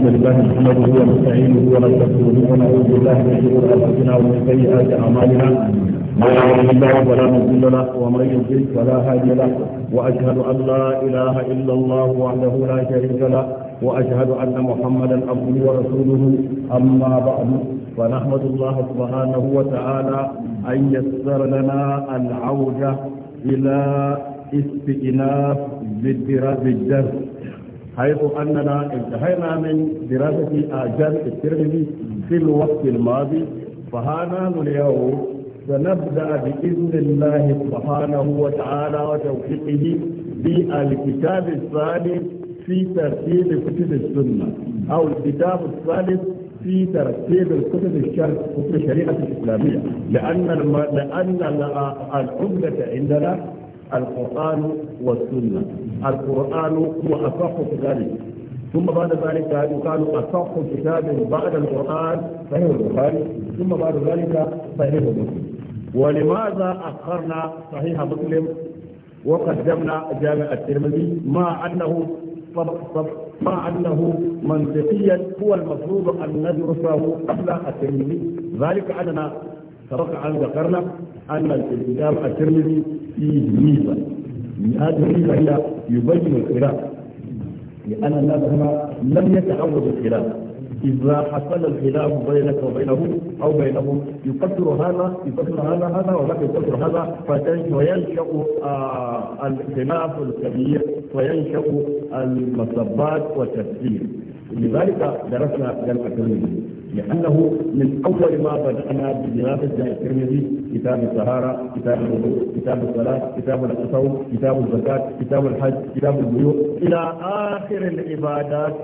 الحمد لله نحمده ونستعينه ونستغفره ونعوذ بالله من شرور انفسنا ومن سيئات اعمالنا من يهده الله فلا مضل له ومن يضلل فلا هادي له واشهد ان لا اله الا الله وحده لا شريك له واشهد ان محمدا عبده ورسوله اما بعد فنحمد الله سبحانه وتعالى ان يسر لنا العوده الى استئناف بالدرس حيث أننا انتهينا من دراسة آجال الترمذي في الوقت الماضي فهذا اليوم سنبدأ بإذن الله سبحانه وتعالى وتوفيقه بالكتاب الثالث في ترتيب كتب السنة أو الكتاب الثالث في ترتيب الكتب الشرع كتب الشريعة الإسلامية لأن لأن العملة عندنا القرآن والسنة القرآن هو أصح كتاب ثم بعد ذلك يقال أصح كتاب بعد القرآن صحيح البخاري ثم بعد ذلك صحيح مسلم ولماذا أخرنا صحيح مسلم وقدمنا جامع الترمذي مع أنه طبق طبق مع أنه منطقيا هو المفروض أن ندرسه قبل الترمذي ذلك أننا سبق أن ذكرنا أن الكتاب الترمذي فيه ميزة هذه الميزة هي يبين الخلاف لأن الناس هنا لم يتعودوا الخلاف إذا حصل الخلاف بينك وبينه أو بينهم يقدر هذا يقدر هذا هذا وذاك يقدر هذا وينشأ آه، الخلاف الكبير وينشأ المصبات والتفكير لذلك درسنا جامعة الترمذي لأنه من أول ما بدأنا بدراسة الترمذي كتاب الطهارة كتاب الوضوء كتاب الصلاة كتاب التصوف، كتاب الزكاة كتاب الحج كتاب البيوع إلى آخر العبادات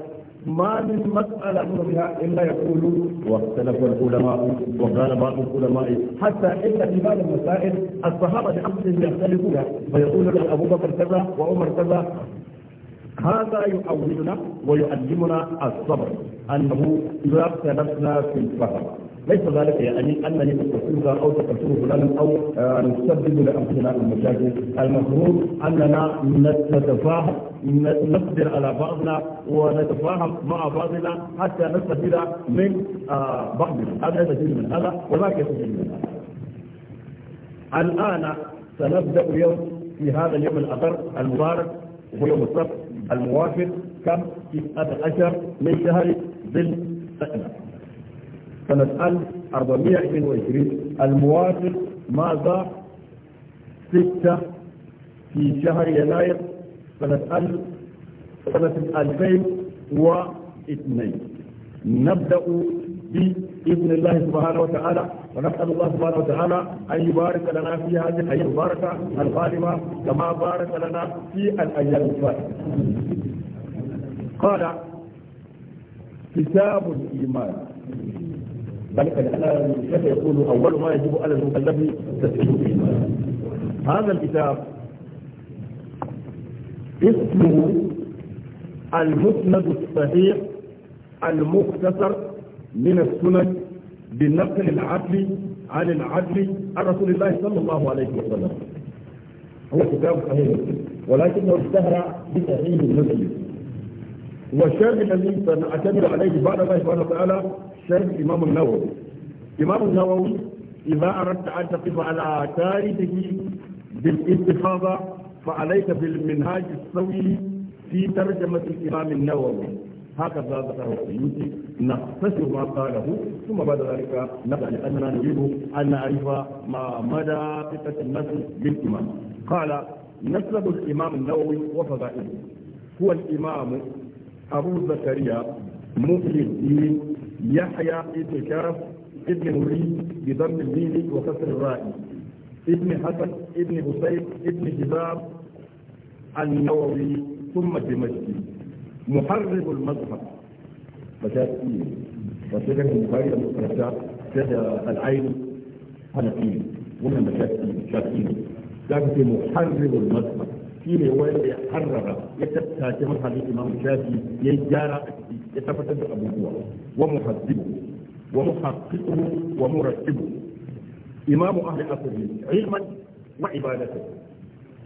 ما من مسألة أمر بها إلا يقول واختلف العلماء وقال بعض العلماء حتى إن في بعض المسائل الصحابة بأنفسهم يختلفون فيقول أبو بكر كذا وعمر كذا هذا يعودنا ويعلمنا الصبر أنه إذا اختلفنا في الفهم ليس ذلك يعني انني تقتلها او تقتل فلانا او آه، نسبب لانفسنا المشاكل المفروض اننا نتفاهم نصبر على بعضنا ونتفاهم مع بعضنا حتى نستفيد من آه، بعضنا هذا يستفيد من هذا وذاك يستفيد من هذا الان سنبدا اليوم في هذا اليوم الاخر المبارك هو يوم السبت الموافق كم 19 من شهر ذي القعده سنة 1420 الموافق ماذا 6 في شهر يناير سنة سنة 2002 نبدأ بإذن الله سبحانه وتعالى ونسأل الله سبحانه وتعالى أن يبارك لنا في هذه الحياة المباركة القادمة كما بارك لنا في الأيام الفاتحة قال كتاب الإيمان بل الآن كيف يقول أول ما يجب على المكلف تسليمه هذا الكتاب اسمه المسند الصحيح المختصر من السنن بالنقل العدل عن العدل عن رسول الله صلى الله عليه وسلم هو كتاب صحيح ولكنه اشتهر بصحيح المسند والشرط الذي سنعتمد عليه بعد الله سبحانه وتعالى شرط الإمام النووي الإمام النووي إذا أردت أن تقف على تاريخه بالاستفاضة فعليك بالمنهاج السوي في ترجمة الإمام النووي هكذا ذكره السيوطي نقتصر ما قاله ثم بعد ذلك نبدا لاننا نريد ان نعرف ما مدى ثقه النسل بالامام قال نسب الامام النووي وفضائله هو الامام أبو زكريا مؤيد الدين يحيى بن كاف ابن مريد بضم الدين وكسر الرائي ابن حسن ابن حسين ابن جبار النووي ثم دمشقي محرر المذهب فشافعي وشيخ البخاري المستشار شيخ العين حنفي ومن مشاكل شاكين ذاك محرر المذهب shi ne wanda ya harrara ya tattace mazhabin imam shafi ya yi gyara a ciki ya tabbatar da abubuwa wa muhaddibu wa muhaqqiqu wa murattibu imamu ahli asri ilman wa ibadatu.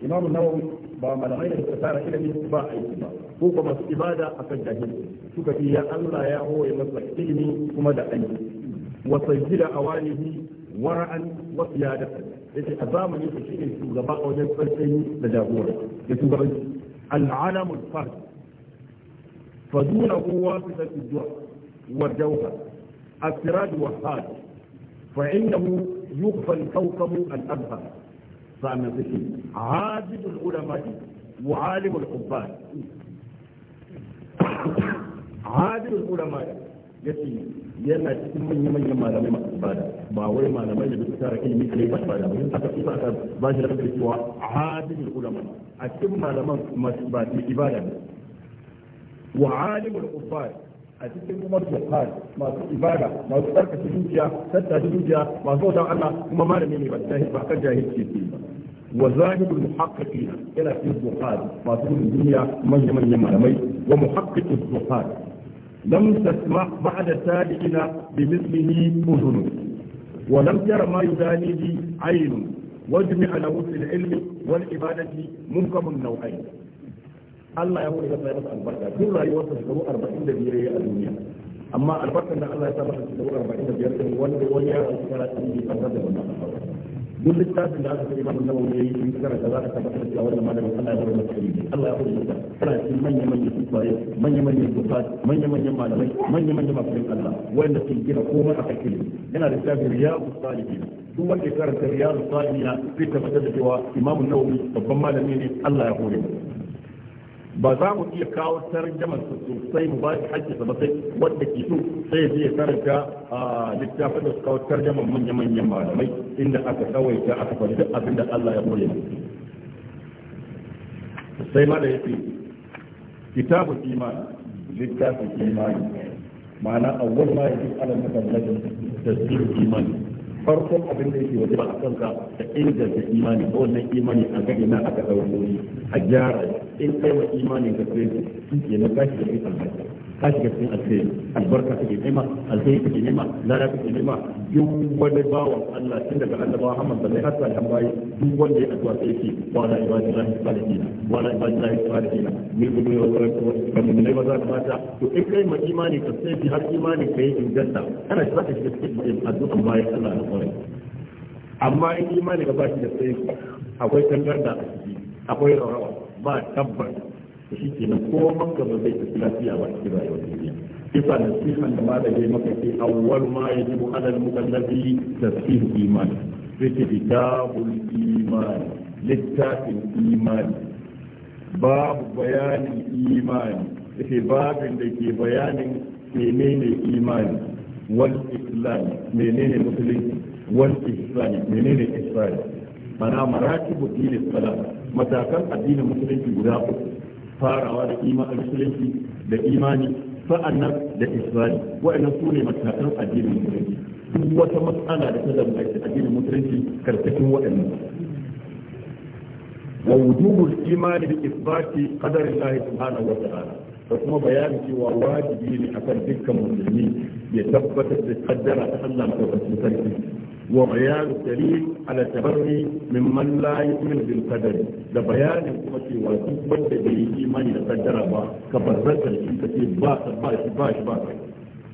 imamu an-nawawi ba malamai da suka tsara ilimi ba aiki ba ko kuma masu ibada a kan jahili suka ce ya Allah ya hoye masa ilimi kuma da aiki wa sajjida awalihi ورعا وقيادة qiyada أبام a zamani yake shine shugaba a wajen tsaitsayi da jagora da فدونه واسطة الدعاء والجوهر السراج والحاج فإنه يخفى الكوكب الأبهر فأمسكي عابد العلماء وعالم الحبان عابد العلماء yace yana cikin manya-manyan malamai masu ibada ba wai malamai da bisa tara ilimi kai ba ibada ba aka fi ba ba shi da cewa hadin ulama a cikin malaman masu ibada wa alimul kufar a cikin kuma kufar masu ibada masu tsarkake zuciya tattace zuciya masu bautan Allah kuma malami ne ba jahil ba kan jahilci ce wa zahidul muhaqqiqina yana cikin kufar masu duniya manya-manyan malamai wa muhaqqiqul kufar لم تسمع بعد سادئنا بمثله أذن ولم تر ما يداني عين واجمع له في العلم والعبادة منكم النوعين الله يقول لك يا البركة كل رأي وصف كبو أربعين دبيرة يا الدنيا أما البركة أن الله يتبع كبو أربعين دبيرة وانا بوليا أسكارات أمي فتاة من أخبار duk littafin da aka ce ba mun zama yi in karanta za ka tabbatar cewa wannan malamin Allah ya hore masa ilimi Allah ya hore masa kana cikin manyan manyan tsufaye manyan manyan dufat manyan manyan malamai manyan manyan mafiyin Allah wanda sun gina komai a kan ilimi yana da littafin riyadu salihin duk wanda ya karanta riyadu salihin ya zai tabbatar da cewa imamu nawawi babban malami ne Allah ya hore masa ba za mu iya kawo jamar su sosai mu ba shi hakki sa sai wanda ke so sai zai karanta a littafin da su kawo jamar manya manyan malamai inda aka ta aka faɗi duk abin da Allah ya koya sai ma da ya ce kitabu iman littafin imani ma'ana awwal ma yake alal mutallaqin tasbih imani farkon abin da yake wajen a kanka da inganta imani ko wannan imani a gaɗe na aka ɗaukuri a gyara in kai wa imanin ka sai su ke na kashi da ita albarka ka shiga cikin alkhairi albarka take nema alkhairi take nema lada take nema duk wani bawan Allah tun daga annabawa Muhammad sallallahu alaihi wasallam bai duk wanda ya addu'a sai yake wa la ibadi illa Allah wa la ilaha illa ne ni gudu wa ko kan mun ne maza mata to in kai mai imani ka sai har imani ka yi inganta kana shi zaka shiga cikin addu'a bayan Allah na kwarai amma in imani ka ba shi da sai akwai tangarda a akwai rawa ba tabbata to shi ke nan kowa maka ba zai tafi lafiya ba cikin rayuwar duniya kisa da sihan da malam ya maka ce awwal ma yajibu ala al-mukallafi tasfihu imani sai ke kitabul imani littafin imani babu bayanin imani yake babin da ke bayanin menene imani wal islam menene musulunci wal islam menene islam mana maratibu dinin salam matakan addinin musulunci guda uku farawa da imanin musulunci da imani sa'annan da isbani wa'annan su ne matakan addinin musulunci duk wata matsala da ta zama addinin musulunci karkashin wa'annan wa wujubul imani bi isbati qadarillahi subhanahu wa ta'ala da kuma bayani cewa wajibi ne akan dukkan musulmi ya tabbatar da kaddara ta Allah madaukakin sarki wa bayanu dalil ala tabarri mimman la yu'min bil qadar da bayanin kuma cewa duk wanda bai yi imani da kaddara ba ka barzanta shi kace ba ba shi ba shi ba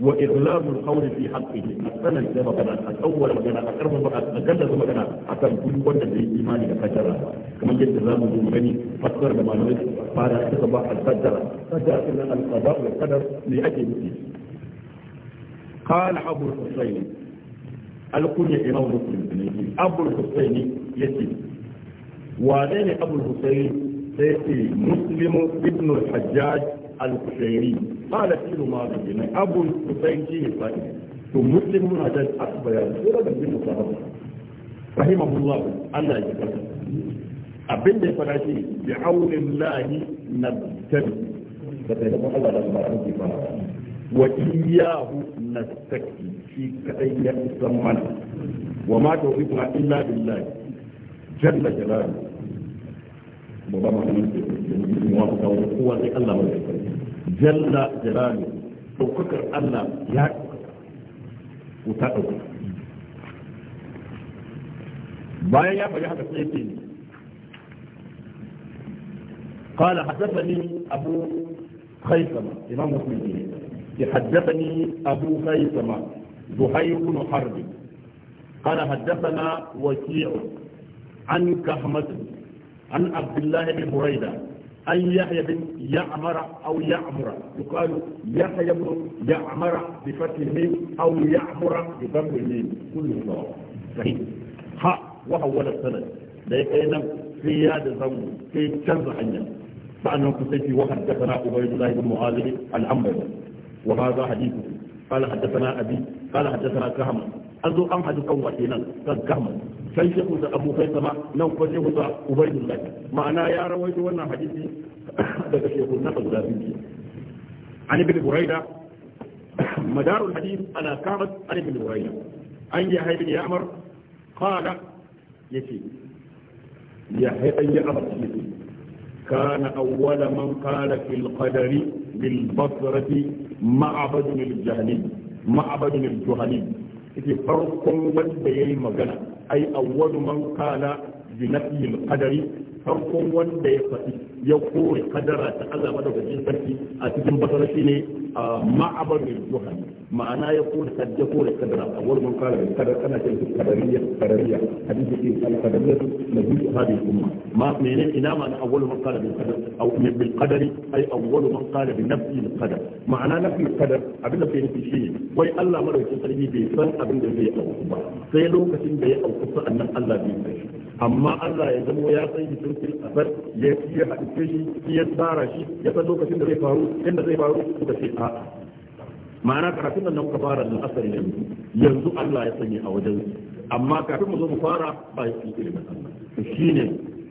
وإغلاب القول في حقه أنا السبب أنا أول مجانا أكرم بقى أجل مجانا حتى كل وند الإيمان فجرا كما جد زام المغني فكر لما نريد بعد أكتب الفجر فجاء إلى القضاء والقدر لأجل قال أبو الحسين الكنية إلى مسلم أبو الحسين يتيم وعليه أبو الحسين سيأتي مسلم ابن الحجاج al-Qusairi qala fi ma Abu al shi ne fadi to muslim mun hada akbara sura da bin sahaba rahimahullah Allah ya karba abin da ya fara shi bi na nabtadi da kai da Allah da ba ku fara wa iyyahu nastaki shi kadai ya san mana wa ma tawfiqna illa billahi jalla jalaluhu ba ma kuma mu wa ka kowa sai Allah mai jalla jalali daukakar Allah ya ta dauka bayan ya faɗi haka sai yake قال حدثني أبو خيثمة إمام مسلم حدثني أبو خيثمة زهير بن حرب قال حدثنا وكيع عن كهمة عن عبد الله بن بريدة أن يحيى بن يعمر أو يعمر يقال يحيى بن يعمر بفتح الميم أو يعمر بضم الميم كله صحيح ها وهو السند لكن في هذا الزمن في كذا حين فأنا كنت في وحدثنا عبيد الله بن معاذ العنبري وهذا حديثه قال حدثنا أبي قال حدثنا كهم أذو أم حدث أول كينا قال كهم فيشيخ أبو فيسما نو فيشيخ أبي الله معنى يا رويت وانا حديثي هذا شيخ النقل ذا عن ابن بريدة مدار الحديث على كعبة عن ابن بريدة عن يحيى بن يعمر قال يسي يحيى بن يعمر كان أول من قال في القدر بالبصرة ma'abadun al-jahali ma'abadun al farkon wanda yayi magana ai awwalu man kana bi nafi al-qadari farkon wanda ya faɗi ya kore kadara ta daga madaukakin sarki a cikin basara ne معبد الجهل معناه يقول قد يقول الكدر اول من قال بالكدر انا كنت الكدريه الكدريه حديث في الكدريه نجيب هذه الامه ما من انما انا اول من قال بالقدر او بالقدر اي اول من قال بنفي القدر معناه نفي القدر ابن في شيء وي الله مره قلبي في فن ابن في زي او كبا سي لوكاشين او ان الله بي سي اما الله يزم zama ya san jikin fil asar ya ya haɗe shi ya tsara shi ya san lokacin da ba ma'ana karatun nan da muka fara da asali yanzu yanzu Allah ya sanya a wajen amma kafin mu zo mu fara ba ya fi ilimin Allah shine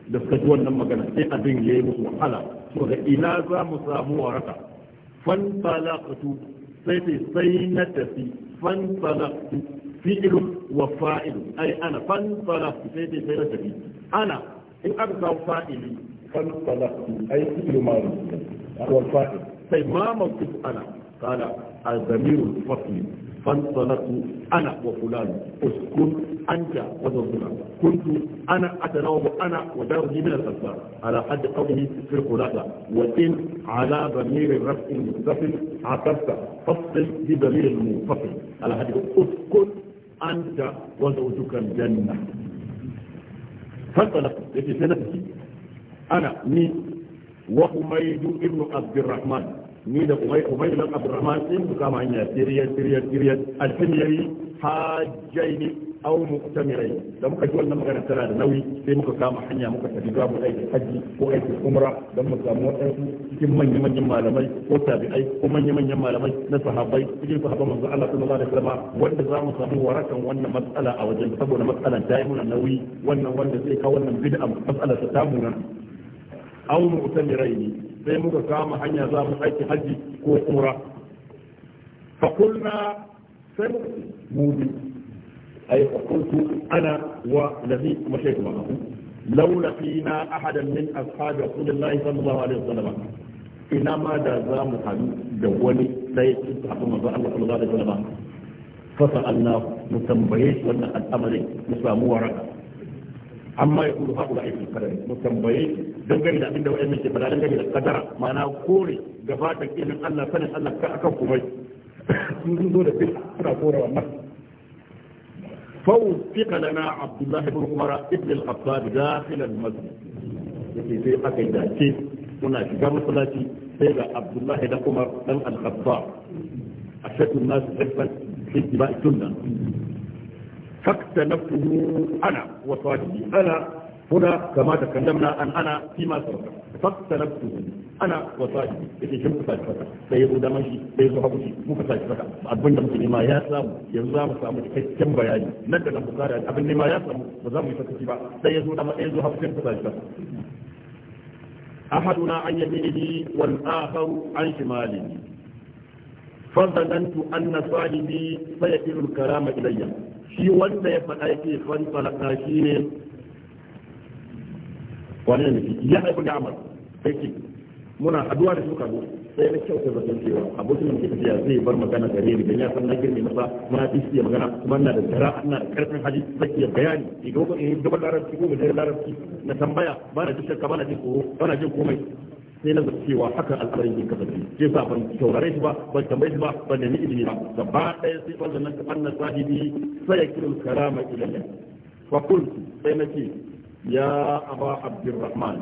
da suka ji wannan magana sai abin yayi musu wahala to ga ina za mu samu waraka fan talaqatu sai sai na tafi fan talaqatu fi'il wa fa'il ai ana fan talaqatu sai sai na tafi ana in aka samu fa'ili fan talaqatu ai fi'il ma'ruf wa fa'il طيب ما موقف أنا قال الضمير الفصل فانطلقت أنا وفلان أسكن أنت وزوجنا كنت أنا أتناوب أنا ودار من الأسفار على حد قوله في الخلاصة وإن على ضمير الرفع المتصل عطفت فصل بضمير المنفصل على حد أسكن أنت وزوجك الجنة فانطلقت التي سنفسي أنا مين wa umayd ibn abd alrahman ni da umayd ibn abd alrahman in su kama hanya siriya siriya siriya alfimiyari hajjaini aw mu'tamirai da muka ji wannan magana tana da nauyi sai muka kama hanya muka tafi za mu aiki haji ko aiki umra don mu samu wadansu cikin manyan manyan malamai ko tabi'ai ko manyan manyan malamai na sahabbai cikin sahabban manzo Allah sallallahu alaihi wasallam wanda za mu samu warakan wannan matsala a wajen saboda matsalan ta yi muna nauyi wannan wanda zai kawo wannan bid'a matsalar ta tamu ya aw ni. sai muka kama hanya za mu aiki haji ko umra fa kulna sai mu mudi ay qultu ana wa ladhi mashaytu ma laula fina ahadan min ashabi rasulillahi sallallahu alaihi wasallam ina ma da za mu hadu da wani sai su tafi manzo Allah sallallahu alaihi wasallam fa sa'alna mutambaye wannan al'amarin mu samu waraka amma ya kudu haƙula a yi kadari mu tambaye dangane da abinda wa'yan ke fada dangane da kadara ma'ana kore gaba da ilin Allah sanin Allah kan akan kuma sun zo da fi suna kore wannan فوفق لنا عبد الله بن عمر ابن الخطاب داخل المسجد yake sai aka yi dace muna shiga masallaci sai ga Abdullahi da Umar dan Al-Khattab ashadu nas hibban fi ittiba'i sunnah Fakta na ana wato shi ana kuna kama da kandamna an ana fi ma sauka hakta na ana wato shi yake shi mutsaci fata da ya zuda mashi da ya zuwa kuci muka sace fata abin da muke nema ya samu yanzu za mu samu cikakken bayani nan da na bukara abin nema ya samu ba za mu yi sakaci ba sai ya zuwa mai zuwa kuci muka sace fata أحدنا عن يمينه والآخر عن شماله فظننت أن صاحبي سيكل الكرام إليّ shi wanda ya faɗa yake fanfalaka shi ne wani ne ya haifi da amal sai muna haduwa da suka zo sai na kyauta zaton cewa abokin da kika ya zai bar magana gare ni don ya san na girme masa muna fi siya magana kuma na da jara na da karfin hali sai ya bayani idan ko in gaban larabci ko da larabci na tambaya ba na jin shakka ba na jin tsoro ba na jin komai sai na zai cewa haka alfarin yin kasance shi sa ban taurare shi ba ban tambaye shi ba ban nemi ilimi ba gaba ɗaya sai ban zanen kafan na sahibi sai ya kiran karama ilimin fa sai sai nace ya aba abdurrahman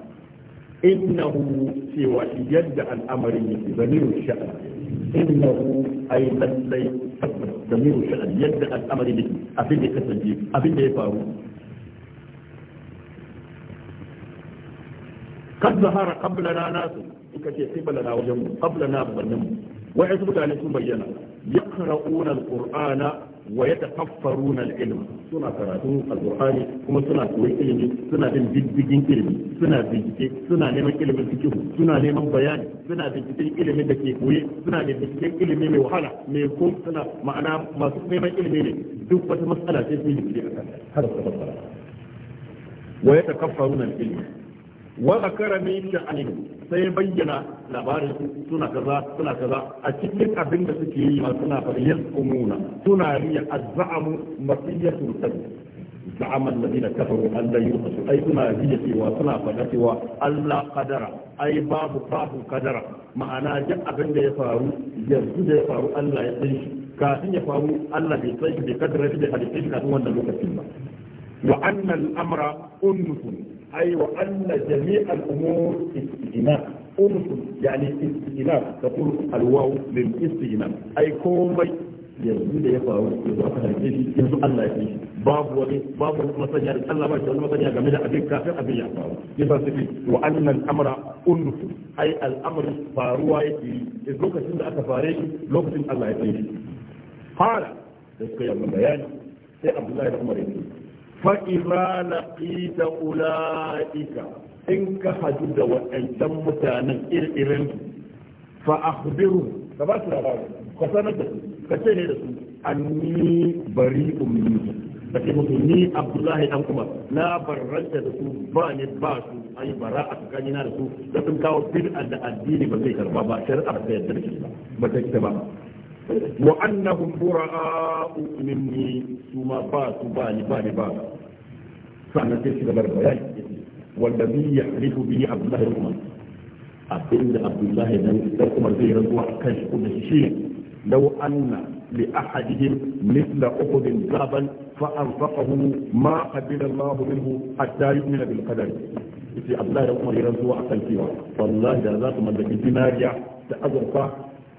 إنه في وحيد الأمر ضمير الشأن إنه أي لي ضمير الشأن يد الأمر به أبدا كسجيب أبدا يفاو قد ظهر قبلنا ناس كتير قبلنا وجمه قبلنا بنمه وعزبك أن يكون بينا يقرؤون القرآن wa yatafaffaruna na ilm suna karatu al-qur'ani kuma suna koyi ilimi suna bin diddigin ilimi suna bincike suna neman ilimin fiqh suna neman bayani suna binciken ilimin da ke koyi suna da binciken ilimi mai wahala mai ko suna ma'ana masu neman ilimi ne duk wata matsala sai sun yi bincike akan har su tabbata wa yatafaffaruna al wa a kara mai yi da sai bayyana labarin suna kaza suna kaza a cikin abin da suke yi masu na fariyar umuna suna riya a za'amu masiyyar sultan za'aman da dina allah yi su ai suna riya cewa suna fada cewa allah kadara ai babu babu kadara ma'ana duk abin da ya faru yanzu da ya faru allah ya san shi kafin ya faru allah bai san shi bai kadara shi bai halitta shi kafin lokacin ba wa annan al'amura unnusun أي وأن جميع الأمور استئناف أنصر يعني استئناف تقول الواو للاستجماع أي كوم يزيد يفعل يضعف هذا يزيد الله باب وغي باب ومسجع الله وأن الأمر أنف أي الأمر فاروا يفعل إذ لوك سند أتفاريك لوك سند الله يفعل قال يسكي الله بيان سي عبد الله الأمر fa'iza laqita ula'ika in ka hadu da waɗancan mutanen irin fa akhbiru ka ba su labari ka sanar da su ka ce ne da su anni bari ummi ka ce musu ni abdullahi dan kuma na barranta da su ba ne ba su ayi bara a tsakani na da su da sun kawo bid'a da addini ba zai karba ba shari'a ba ta yarda da shi ba ba ta ba وأنهم براء مني ثم باتوا بالي بالي بالي فأنا تسير بالبيان والذي يحلف به عبد الله الأمم أبن عبد الله بن عمر زي رضوى كشف لو أن لأحدهم مثل أحد ذهبا فأنفقه ما قبل الله منه حتى يؤمن بالقدر في عبد الله بن عمر رضوى كشف والله إذا ذاك من ذاك الدنيا تأذرفه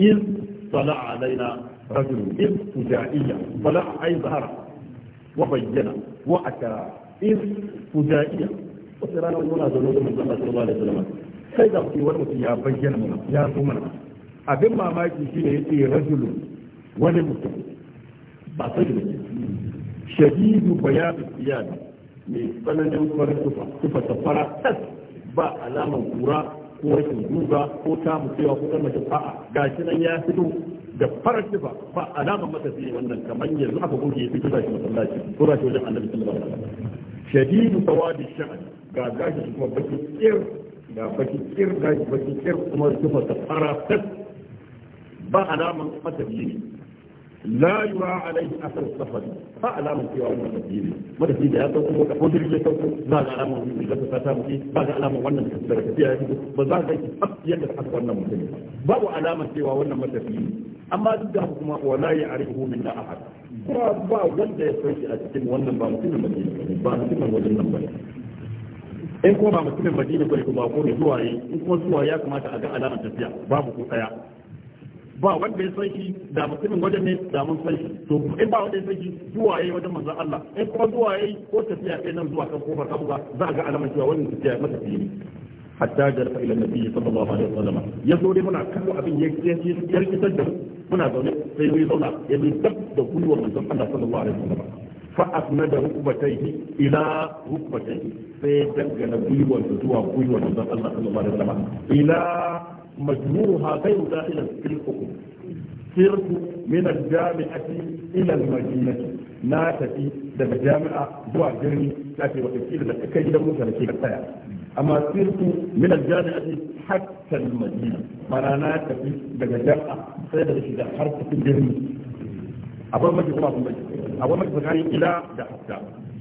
إذ طلع علينا رجل إذ فجائية طلع أي ظهر وبين وأتى إذ فجائية وترانا ومنا ذنوب من الله صلى الله عليه وسلم سيدا في ورمت يا بين منا يا منا abin mamaki shi ne yake rajulun wani mutum ba sai da shahidu bayanin iyali mai tsananin farin tufa tufa ta fara tas ba alaman kura ko rashin duba ko ta cewa ko kuma mace fa'a gashi nan ya fito da farar sifa ba alamar matafiya wannan kamar yanzu aka goge ya fito da shi masallaci ko da shi wajen annabi sallallahu alaihi wasallam shadidu sawadi sha'an ga gashi kuma baki kir ga baki kir gashi baki kir kuma sifa ta fara ba alamar matafiya la yura alaihi asar safari fa alama cewa wannan tafiye matafi da ya sauko mota ko jirgin sauko za ga alamun da ta samu ki ba ga alamun wannan da tafiya ya fito ba za ga ki yadda aka wannan mutum babu alama cewa wannan matafi amma duk da kuma wala ya arifu min da ahad kuma ba ba wanda ya sauki a cikin wannan ba mutumin ne ba mutumin wajen nan ba in kuma ba mutumin madina ba ko ne zuwa yi in kuma zuwa ya kamata a ga alamar tafiya babu ko tsaya ba wanda ya san shi da mutumin wajen ne da mun san shi to in ba wanda ya san shi zuwa yayi wajen manzon Allah in kuma zuwa yayi ko tafiya kai nan zuwa kan kofar Abuja za ga alamar cewa wannan tafiya mata fiye hatta jarfa ila nabi sallallahu alaihi wasallam ya zo dai muna kallo abin ya ya rikitar da muna zaune sai ya zauna ya bi dab da kullu manzon Allah sallallahu alaihi wasallam fa asnada rukbatayhi ila rukbatayhi sai dangana kulwar zuwa kullu manzon Allah sallallahu alaihi wasallam ila مجموعها غير داخل في الحكم سرت من الجامعة إلى المدينة na tafi daga jami'a zuwa birni ta ce wata kila da kai gidan mutane ke tsaya amma sirtu min aljami'ati hatta almadina mana na tafi daga a sai da shi da har cikin birni akwai kuma tsakanin ila da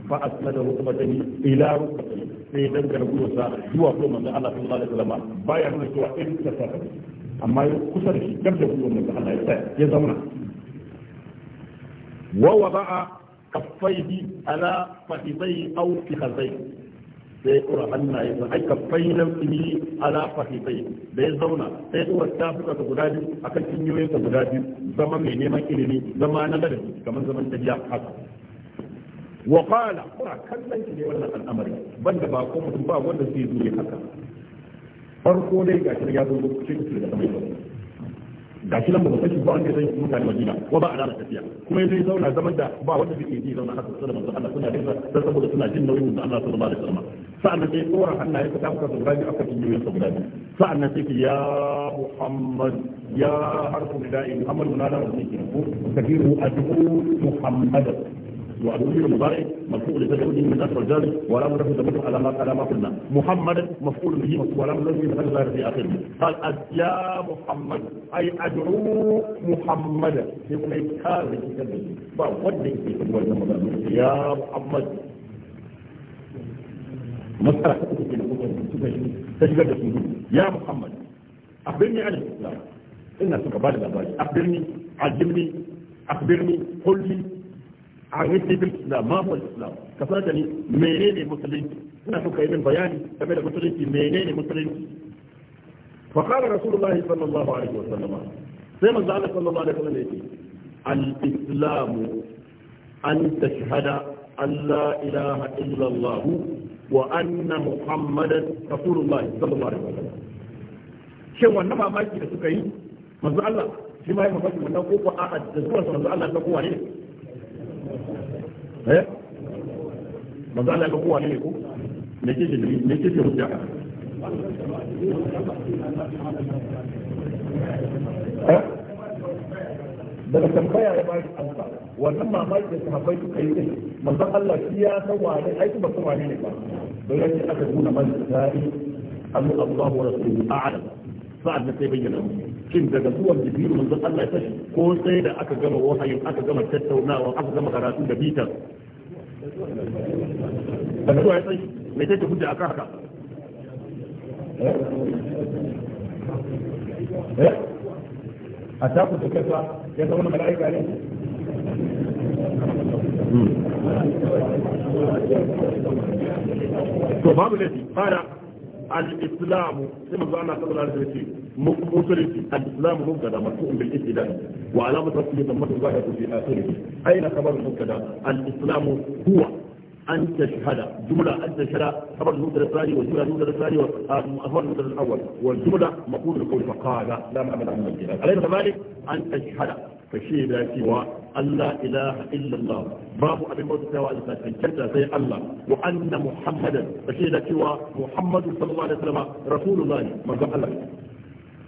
fa asnada rukbatani ila rukbatani sai dan garbuwa sa zuwa ko manzo Allah sallallahu alaihi wasallam baya nuna cewa in ta saka amma ya kusa da shi gab da gwiwar manzo Allah ya tsaya ya zauna wa wada'a kaffaihi ala fatidai aw fikhazai sai kura ya sa ai kaffai nan tsini ala fahibai da ya zauna sai kura tafuka ta guda biyu a akan cinyoyin ta guda biyu zama mai neman ilimi zama na ladabi kamar zaman tafiya haka wa qala kuna kallon shi ne wannan al'amari banda ba ko mutum ba wanda zai zo haka farko dai ga shi ya zo cikin su da kamar da shi nan ba kashi ba wanda zai yi mutane Madina ko ba a alama tafiya kuma yanzu zauna zaman da ba wanda zai yi zauna haka sai da manzo Allah suna da sai saboda suna jin nauyin da Allah sallallahu alaihi wasallam sa'annan sai tsoron Allah ya fita muka guda biyu aka tinyo sa guda biyu sa'annan sai ki ya Muhammad ya harfu da'i Muhammad na da rasul ki ko kabiru adu Muhammad وأبوه المضارع مرفوع لتجاوزه من أثر الجازم ولا مدرس تمر على ما على ما قلنا محمد مفعول به ولا مدرس من أثر في آخره قال يا محمد أي أدعو محمدا يقول إكار الكتاب فودك في أول رمضان يا محمد مسألة تجد يا محمد أخبرني عن الإسلام إن سكبال الأبراج أخبرني علمني أخبرني قل لي an yi sifin islam mafan islam ka fara gani menene musulunci ina so ka yi min bayani game da musulunci menene musulunci fa qala rasulullahi sallallahu alaihi wa sallam sai manzo Allah sallallahu wa sallam yake al islam an tashhada an la ilaha illa wa anna muhammadan rasulullahi sallallahu alaihi wa sallam shin wannan mamaki da suka yi manzo Allah shi ma ya wannan ko ko a'a da zuwa manzo Allah ta kowa ne eh manzo Allah ga kowa ne ko me kike me kike hujja eh? daga tambaya ya ba shi amsa wannan mamaki da sahabbai suka yi din manzon Allah shi ya san wane ai ba san ne ba don yake aka nuna man zai annu Allahu wa rasuluhu a'lam sa'ad da sai bayyana kin daga zuwan jibiru manzon Allah ya ko sai da aka gama wahayin aka gama tattaunawa aka gama karatu da bitan daga zuwa ya mai tace hujja akan haka a taku da kasa ya zama mala'ika ne to babu laifi fara الإسلام كما قال الله تعالى عليه وسلم مفرد الإسلام مبتدا مرفوع بالابتداء وعلامة رفعه ضمته ظاهرة في آخره أين خبر المبتدا الإسلام هو أن تشهد جملة أن تشهد خبر المدر الثاني والجملة المدر الثاني وأخبر المدر الأول والجملة مقول القول فقال لا معمل عن الجلال علينا كذلك أن تشهد فشهد سوى أن لا إله إلا الله باب أبي موسى سوى أن تشهد زي الله وأن محمدا فشهد سوى محمد صلى الله عليه وسلم رسول الله من الله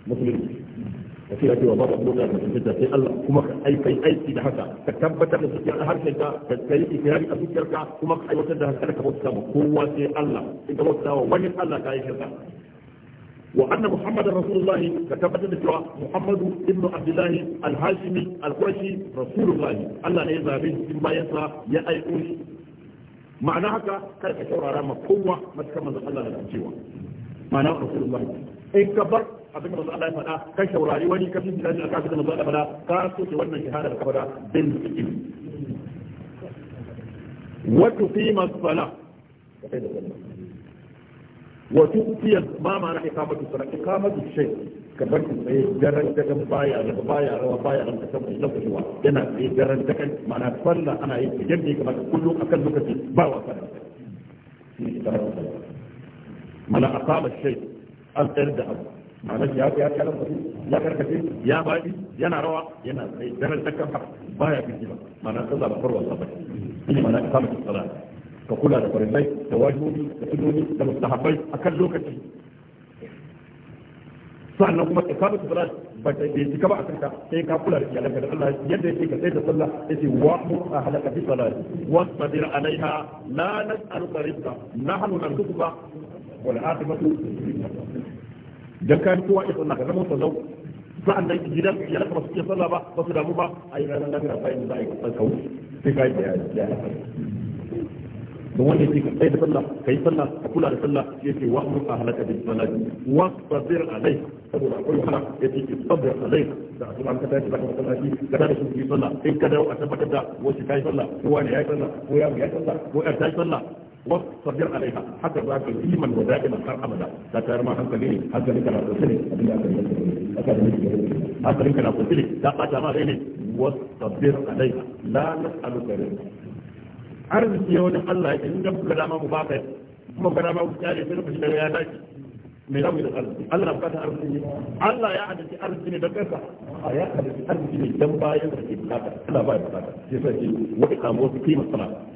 مسلم da sai ake wa ba ku da ta sai Allah kuma ka aikai aiki da haka ka tabbatar da cikin ka ka kai ikirari a cikin ka kuma ka aiwatar da haka ka bauta ma kowa sai Allah in ka bauta wa wani Allah ka yi shirka وأن محمد رسول الله كتبت الدعاء محمد ابن عبد الله Allah القرشي رسول الله الله لا يزال ما يسعى يا أيقوني معنى هكا ka شعر ما قوة ما تكمل الله لا تشيوه معنى رسول in ka bar. abin da manzo Allah ya faɗa ka shaurari wani ka bin dalil aka da manzo Allah faɗa ka soke wannan shahada da ka faɗa bin ilmi wa tuqima as-salah wa tuqtiya ma ma'ana iqamatu as-salah iqamatu ash-shay' ka bar shi tsaye daren dakan baya da baya rawa baya ran ka saboda lokacewa yana tsaye daren dakan mana falla ana yin yadda ya kamata kullum akan lokaci ba wa falla mana asaba shay an tsayar da abu ma'ana ya ya ya ya karkace ya baki yana rawa yana tsaye daren takan haka baya fiti ba ma'ana sun zaba farwa sabai shi ma'ana ka samu tsara ka kula da farillai da wajibobi da sunoni da mustahabbai akan lokaci sannan kuma ka ikamu salat ba ta bai cika ba a kanka sai ka kula da iyalanka da Allah yadda yake ka sai da sallah yace wa mu ahlaka bi salati wasbir alaiha la nas'aluka rizqa nahnu narzuquka wal aqibatu dan kan kowa ya sunna ka zama sallau sa'an nan gidan ya rasa su ke sallah ba ba su damu ba a yi ranar lafiya bayan da aka kawo sai ka yi ya don wanda yake kai da sallah kai sallah ka kula da sallah yake wa mu ahlaka bil salati wa sabir alai saboda akwai wahala yake ki sabir alai da kuma an kada da kuma shi da da shi sallah in kada a tabbatar da wace kai sallah ko wani ya sallah ko ya ya sallah ko ya ta sallah wasabir alaiha haka za ka yi iman wa da'iman har abada ta tayar ma hankali ne hankali kana kusa ne abin da aka yi aka kana kusa ne ta arziki ya wani Allah ya in gabu da mu baka kuma sai shiga ya dace me za yi da arziki Allah Allah ya hadace arziki ne da kansa a ya hadace arziki ne dan bayan da ke bukata Allah ba ya bukata sai sai wa ikamu wasu kima salata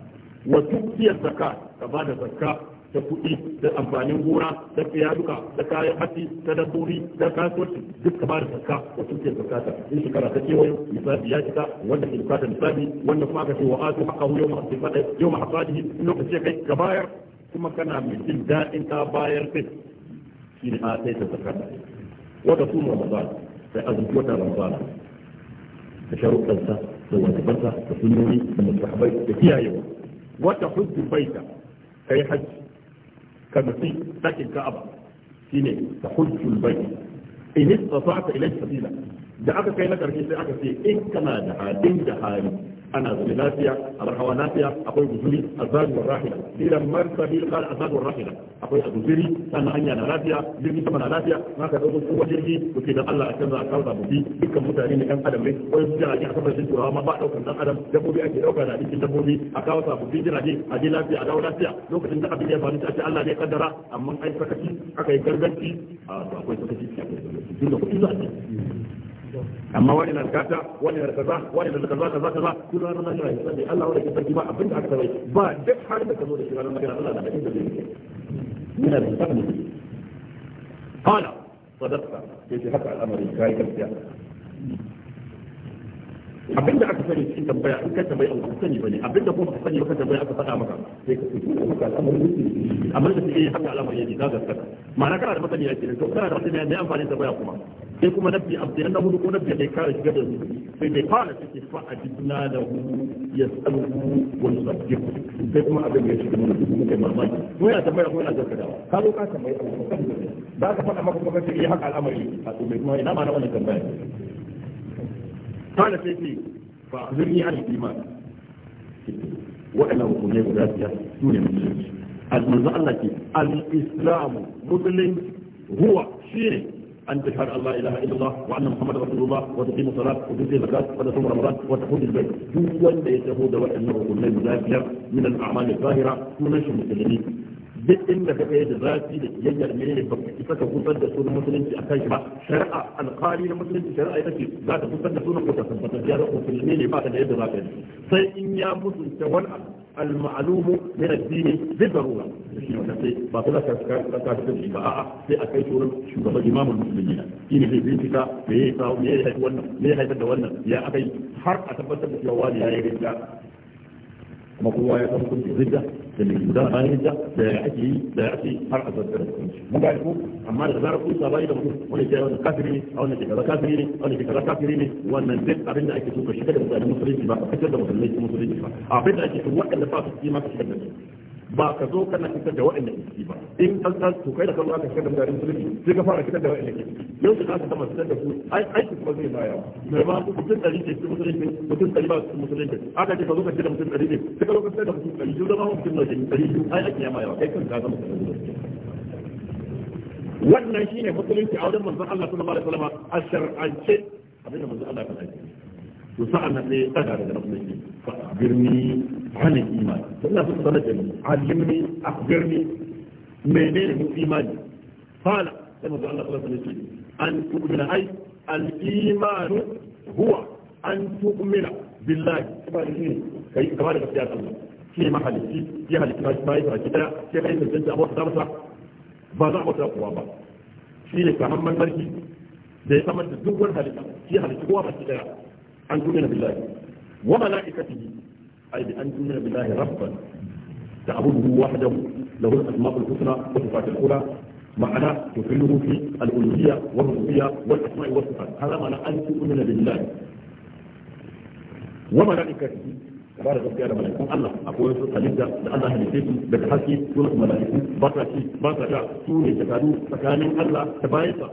wa tukiyar zakka ta ba da zakka da kuɗi da amfanin gona da fiyaduka da kayan hatsi da dabbobi da kasuwanci duk ka bada zakka da tukiyar ta in shekara ta kewayo misali ya cika wanda ke bukata misali wanda kuma aka ce wa asu haqqahu yau hasadihi yawma hasadihi in lokaci kai ka bayar kuma kana mai jin daɗin ka bayar kai shi ne a sai ta zakata wata su ramadan sai azumi wata ramadan da sharuɗansa da wajibansa da sunnoni da mustahabai da kiyayewa wata hujju baita kai hajji ka nufi sakin ka'aba shine ta hujjul bai in sabila da aka kai na karshe sai aka ce in kana da halin da hari ana zaune lafiya a bar hawa lafiya akwai guzuri azadu wa rahila idan marsabi qala azadu wa rahila akwai guzuri sannan hanya na lafiya jirgin sama na lafiya ma ka dauko kowa jirgi ku ce dan Allah a canza a kauda bubi dukkan mutane ne kan adam ne wai su jirage a kafa jirgi ma ba daukan dan adam dabbobi ake dauka da cikin dabbobi a kawo sabubbi jirage a je lafiya a dawo lafiya lokacin da abin ya faru ta ce Allah ne kaddara amma ai sakaci aka yi garganci a akwai sakaci duk da kuɗi za a amma wani na kata wani na kaza wani na kaza kaza kaza Allah ke sarki ba abin da aka bai ba duk har da kazo da shi magana Allah na da inda zai yi da haka al'amari kai gaskiya abinda aka sani cikin tambaya in ka tambaya ka sani ba bane abinda kuma ka sani ba ka tambaya aka faɗa maka sai ka fito da maka al'amarin mutum amma da take haka al'amari yake ka gaskata ma'ana kana da masani yake to kana da masani ne amfani da baya kuma sai kuma nabi abdi na hudu ko nabi kai kare shiga da sai dai fara take fa a ajibna da hu ya yasalu wa yusabbihu sai kuma abin da ya shiga mun mun kai mamaki ko ya tambaya ko ya yana gaskata ka zo ka tambaya ba ka faɗa maka kuma ka yi eh, haka al'amari a to mai kuma ina ma na wannan tambaya قال سيدي فأخبرني عن الإيمان وأنا وقل لي ولاتي دون المسلمين المنزع التي الإسلام مسلم هو شيء أن تشهد الله إله إلا الله وأن محمد رسول الله وتقيم الصلاة وتؤتي الزكاة وتصوم رمضان وتحج البيت دون يتهود وأنه كل من الأعمال الظاهرة من المسلمين duk inda ka tsaye da zafi da kiyayyar ne ne baka isa ka kusar da sunan musulunci a kai ba shari'a alƙali na musulunci shari'a ita ce za ta kusar da sunan kuka tabbatar ya zaka musulmi ne ba ta da yadda za ka yi sai in ya musulunta wani المعلوم من الدين بالضروره ba kula ka ka ka da ba a'a sai a kai wurin shugaban imamul ne shine zai bincika me ya sa me ya haifar wannan me ya haifar da wannan ya akai har a tabbatar da cewa wani ya yi gaskiya kuma kowa ya san hukuncin zidda, da mai guda bayan da ya ake yi da ya ake har a zartar da hukunci ga ko amma da zarar kun sabani da mutum wani ke wannan kafiri ne a wannan ke kaza kafiri ne a wannan ke kaza kafiri ne wannan duk abin da ake so ka shiga da mutane musulunci ba ka fitar da musulunci musulunci ba abin da ake so waɗanda ba su yi maka shiga da su ba ka zo kana fitar da waɗanda ke ciki ba in an san to kai da kallon aka fitar da mutanen musulunci sai ka fara fitar da waɗanda ke ciki yau ka aka sama fitar da su ai aiki kuma zai baya mai ma mutum ɗari ke cikin musulunci mutum ɗari ba su cikin musulunci aka ce ka zo ka fitar da mutum ɗari ne sai ka zo ka fitar da mutum ɗari zama mutum ɗari biyu ai aiki ya ma yawa kai kan ka zama wannan shine musulunci a wajen manzon Allah sallallahu alaihi wasallam a shar'ance abinda manzon Allah ya faɗa to sa'an nan sai daga daga nafsin shi fa birni hannun imani Allah su sanar da ni alimni akbirni menene mu imani fala sai mutum Allah sallallahu alaihi wasallam an tu'mina ai al-imanu huwa an tu'mina billahi kai kamar da gaskiya Allah shi ne ma halitti ya halitta ba ya kida sai kai mutum da abuwa da masa ba za a wata kuwa ba shi ne kamar man sarki da ya samar da duk wani halitta shi halitta kowa ba shi daya an tunana billahi wa malaikatihi ay bi an tunana billahi rabban ta'budu wahdahu lahu al-asma'ul husna wa sifatul ula ma'ana tuqilu fi al-uluhiyya wa rububiyya wa al-asma'i wa sifat hadha ma'na an tunana billahi wa malaikatihi kabara gaskiya da malaikun Allah akwai wasu halitta da Allah halitta su daga haske su na malaikun ba sa ci ba sa sha tsakanin Allah da bayansa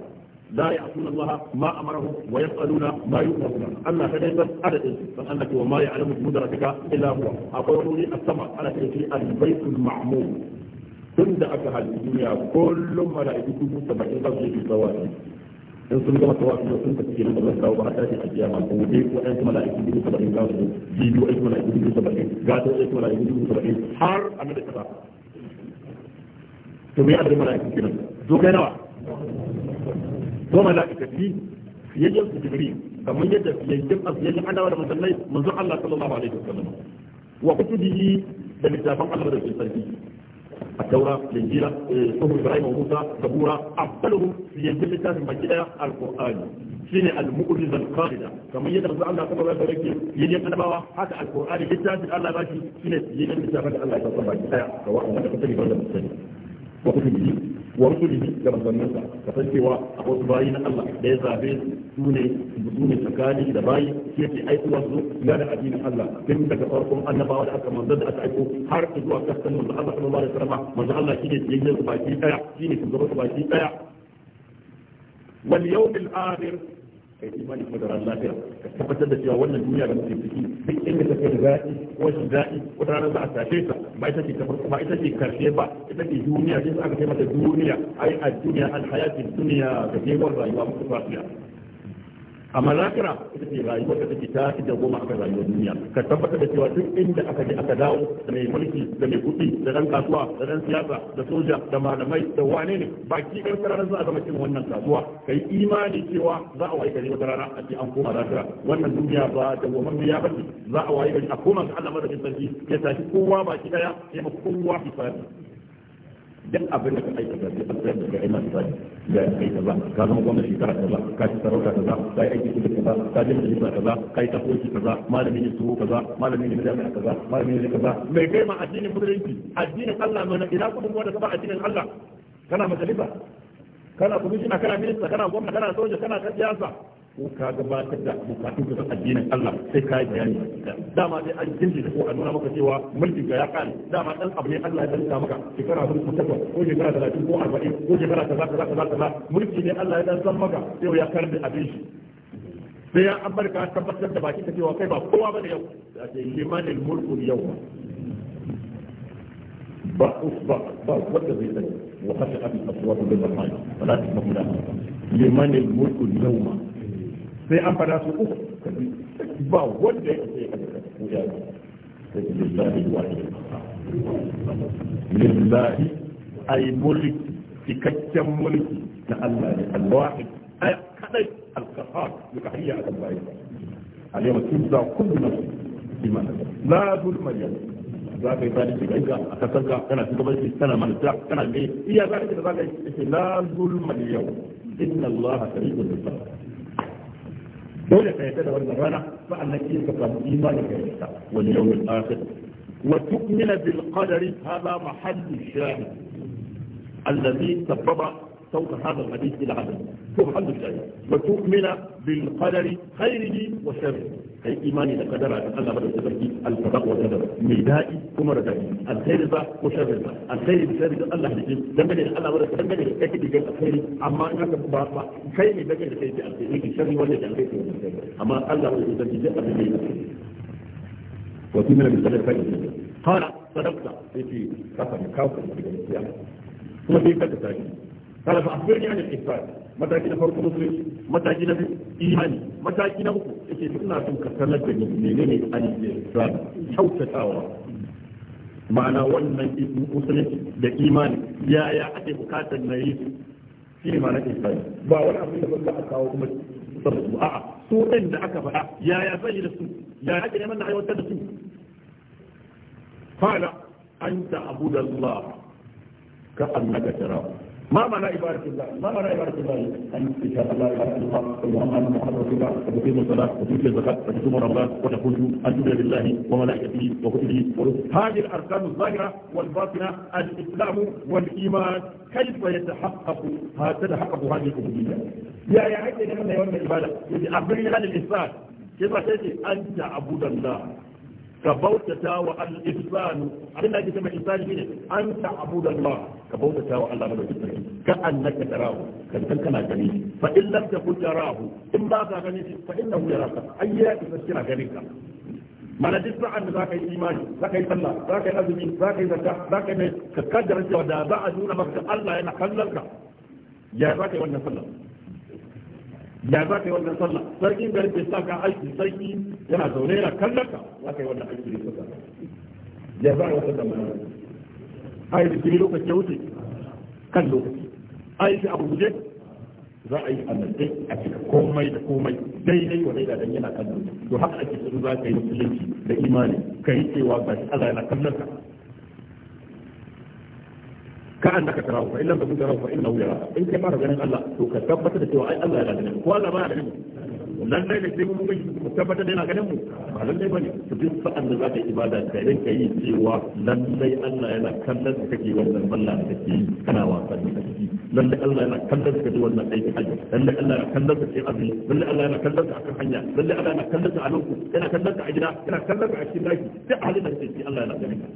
لا يعصون الله ما امرهم ويفعلون ما يؤمرون الله كذلك عدد فانك وما يعلم جنود ربك الا هو اقول السماء على في البيت المعمور tun da aka halittu duniya kullum mala'iku dubu saba'in za su yi tsawafi in sun gama tsawafi sun tafi kenan da zan kawo ba a tashi a kiyama ko dai ko ɗan mala'iku dubu saba'in za su yi biyu ɗan mala'iku dubu saba'in gata ɗan mala'iku dubu saba'in har a da kasa nawa wa malaikati fiyayyen su jibril kamar yadda fiyayyen fiyayyen adawa da musallai manzon Allah sallallahu alaihi wasallam wa kutubihi da littafan Allah da sarki التوراة الإنجيل صهر إبراهيم وموسى زبورة أفضلهم في ينزل الكتاب المجيء القرآن شنو المؤرزة القاعدة كما يدرس الله صلى الله عليه وسلم يلي قدما حتى القرآن الكتاب الله باشي شنو يلي الكتاب الله يتصرف سواء ما تقتل ولا مستني وكتب wa rusulihi da manzanninsa kasancewa a wasu bayi na Allah da ya zabe su ne su ne tsakani da bayi shi yake aikowa su ya da addinin Allah tun daga farkon annabawa da aka manzan da aka aiko har zuwa kasan manzo Allah sallallahu alaihi wasallam manzo Allah shi ne yayin baki daya shi ne su gaba baki daya wal yawmil akhir kai imani kuma da ranar lafiya ka tabbatar da cewa wannan duniya da muke ciki duk inda ta kai zaɓi wasu zaɓi wata ranar za a tashe ta ba ita ce ta farko ba ita ce karshe ba ita ce duniya sai aka kai mata duniya ai a duniya al hayati duniya ga jewar rayuwa muku lafiya amma lakira ita ce rayuwar da take ta da goma aka rayuwar duniya ka tabbata da cewa duk inda aka je aka dawo da mai mulki da mai kuɗi da ɗan kasuwa da ɗan siyasa da soja da malamai da wane ne baki ɗan sarara za a zama cikin wannan kasuwa ka yi imani cewa za a waye gari wata rana a ce an koma lakira wannan duniya ba da goma ya bace za a waye gari a koma ga Allah madadin sarki ya tashi kowa baki ɗaya ya ma kowa hisabi dan abin da ka aikata sai an tsayar da kai ina tsari ga kai kaza ka zama gwamnati shekara kaza ka ci sarauta kaza ka yi aiki kudu kaza ka je majalisa kaza ka yi tafiyoci kaza malami ne ka kaza malami ne jami'a kaza malami ne kaza mai kai ma addinin musulunci addinin Allah mai ina kudin wanda ka ba addinin Allah kana majalisa kana kwamishina kana minista kana gwamna kana soja kana siyasa ko ka gabatar da bukatun ka addinin Allah sai ka yi bayani dama dai an jinji da ko a nuna maka cewa mulkin ka ya kare dama dan abu ne Allah ya danta maka shekara 58 ko shekara 30 ko 40 ko shekara kaza kaza kaza kaza mulki ne Allah ya danta maka sai ya karbi abin shi sai ya ambarka ka tabbatar da baki ka cewa kai ba kowa bane yau da ke limanin mulku yau ba ba ba wanda zai sani wa khashi'at al-aswat bil-rahman fala tasma'u laha liman al-mulku al-yawma sai an fada su uku ba wanda ya sai ka da kuya sai lillahi wahid lillahi ay mulk cikakken mulki na Allah ne al-wahid ay kadai al-qahar yuhayya al-bayt al-yawma tujza kullu nafsin bima la zulma yawm za ka yi tani shiga inda a kasar ka kana shugabanci kana manta kana ne iya za ka yi da za ka yi la zulma yau inna allaha sari'ul hisab دولة سيتدور مرانا فأنا كيف واليوم الآخر وتؤمن بالقدر هذا محل الشاهد الذي تبضى صوت هذا الحديث إلى عدم تحل الشيء وتؤمن بالقدر خيره وشره أي إيماني لقدر الله بدل تبكي الفرق والقدر ميدائي كما ردائي الخير ذا وشر ذا الخير بشر ذا الله لكن دمني الله ورد دمني لكي تجد الخير أما إنك بارفع خير لكي تجد الخير لكي شر ولا تجد الخير أما الله ورد تجد الخير وتؤمن بالقدر خيره قال صدقت إيه، في رقم كوكب في الجنة ثم في كتابه قال فأخبرني عن الإحسان متاكي نفر مسلم متاكي نبي إيماني متاكي كنا ne بني عن الإحسان حوشة تاوى ma'ana wannan musulunci da imani Yaya ake bukatar na yi su shi ne ma'ana isfani ba wani abin da ba a kawo kuma sabu a'a su ɗin da aka faɗa Yaya zai yi da su Yaya ake neman na aiwatar da su an ta abu da Allah ka annaka ما معنى عبادة الله؟ ما معنى عبادة الله؟ أن تشهد الله إله إلا الله وأن محمد رسول الله وتقيم الصلاة وتؤتي الزكاة وتصوم رمضان وتقول أن تؤمن بالله وملائكته وكتبه هذه الأركان الظاهرة والباطنة الإسلام والإيمان كيف يتحقق تتحقق هذه الأمنية؟ يا يا عيسى لمن يوم العبادة؟ أخبرني عن الإنسان كيف تأتي أن تعبد الله ka bautata wa al-ihsan abin da ake cewa ihsan shine an ta'budu Allah ka bautata wa Allah madaukakin sarki ka annaka tarahu kan kan kana gani fa in lam takun tarahu in ba ka gani fa innahu yaraka ayya tafsira gani ka mana duk sa'an da zaka yi imani zaka yi sallah zaka yi azumi zaka yi zakka zaka yi ka kaddara cewa da za a nuna maka Allah yana kallon ka ya zaka yi wannan sallah ya za ka yi wannan sallah sarkin garin bai sa ka aiki sarki yana zaune yana kallon ka za ka yi wannan aiki da sallah ya za a wata da mana a yi kiri lokaci ya wuce kan lokaci yi shi abu guje za a yi annabtai a cika komai da komai daidai wa daidai dan yana kallon to haka ake so za ka yi musulunci da imani ka yi cewa ba Allah yana kallon ka كأنك تراه فإن لم تكن تراه فإنه يراك إن كما رجعنا a تكتبت لتوعي الله لا تنمو ولا ما يعلمه lallai da sai mun mu tabbata da yana ganin mu ba lallai bane to duk sa'an da zaka ibada ka rin ka yi cewa lallai Allah yana kallon ka kake wannan balla da kake kana wasan da kake lallai Allah yana kallon ka kake wannan aiki haji lallai Allah yana kallon ka kake azumi lallai Allah yana kallon ka akan hanya lallai Allah yana kallon ka a nan yana kallon ka a gida yana kallon ka cikin daki duk halin da kake Allah yana ganin ka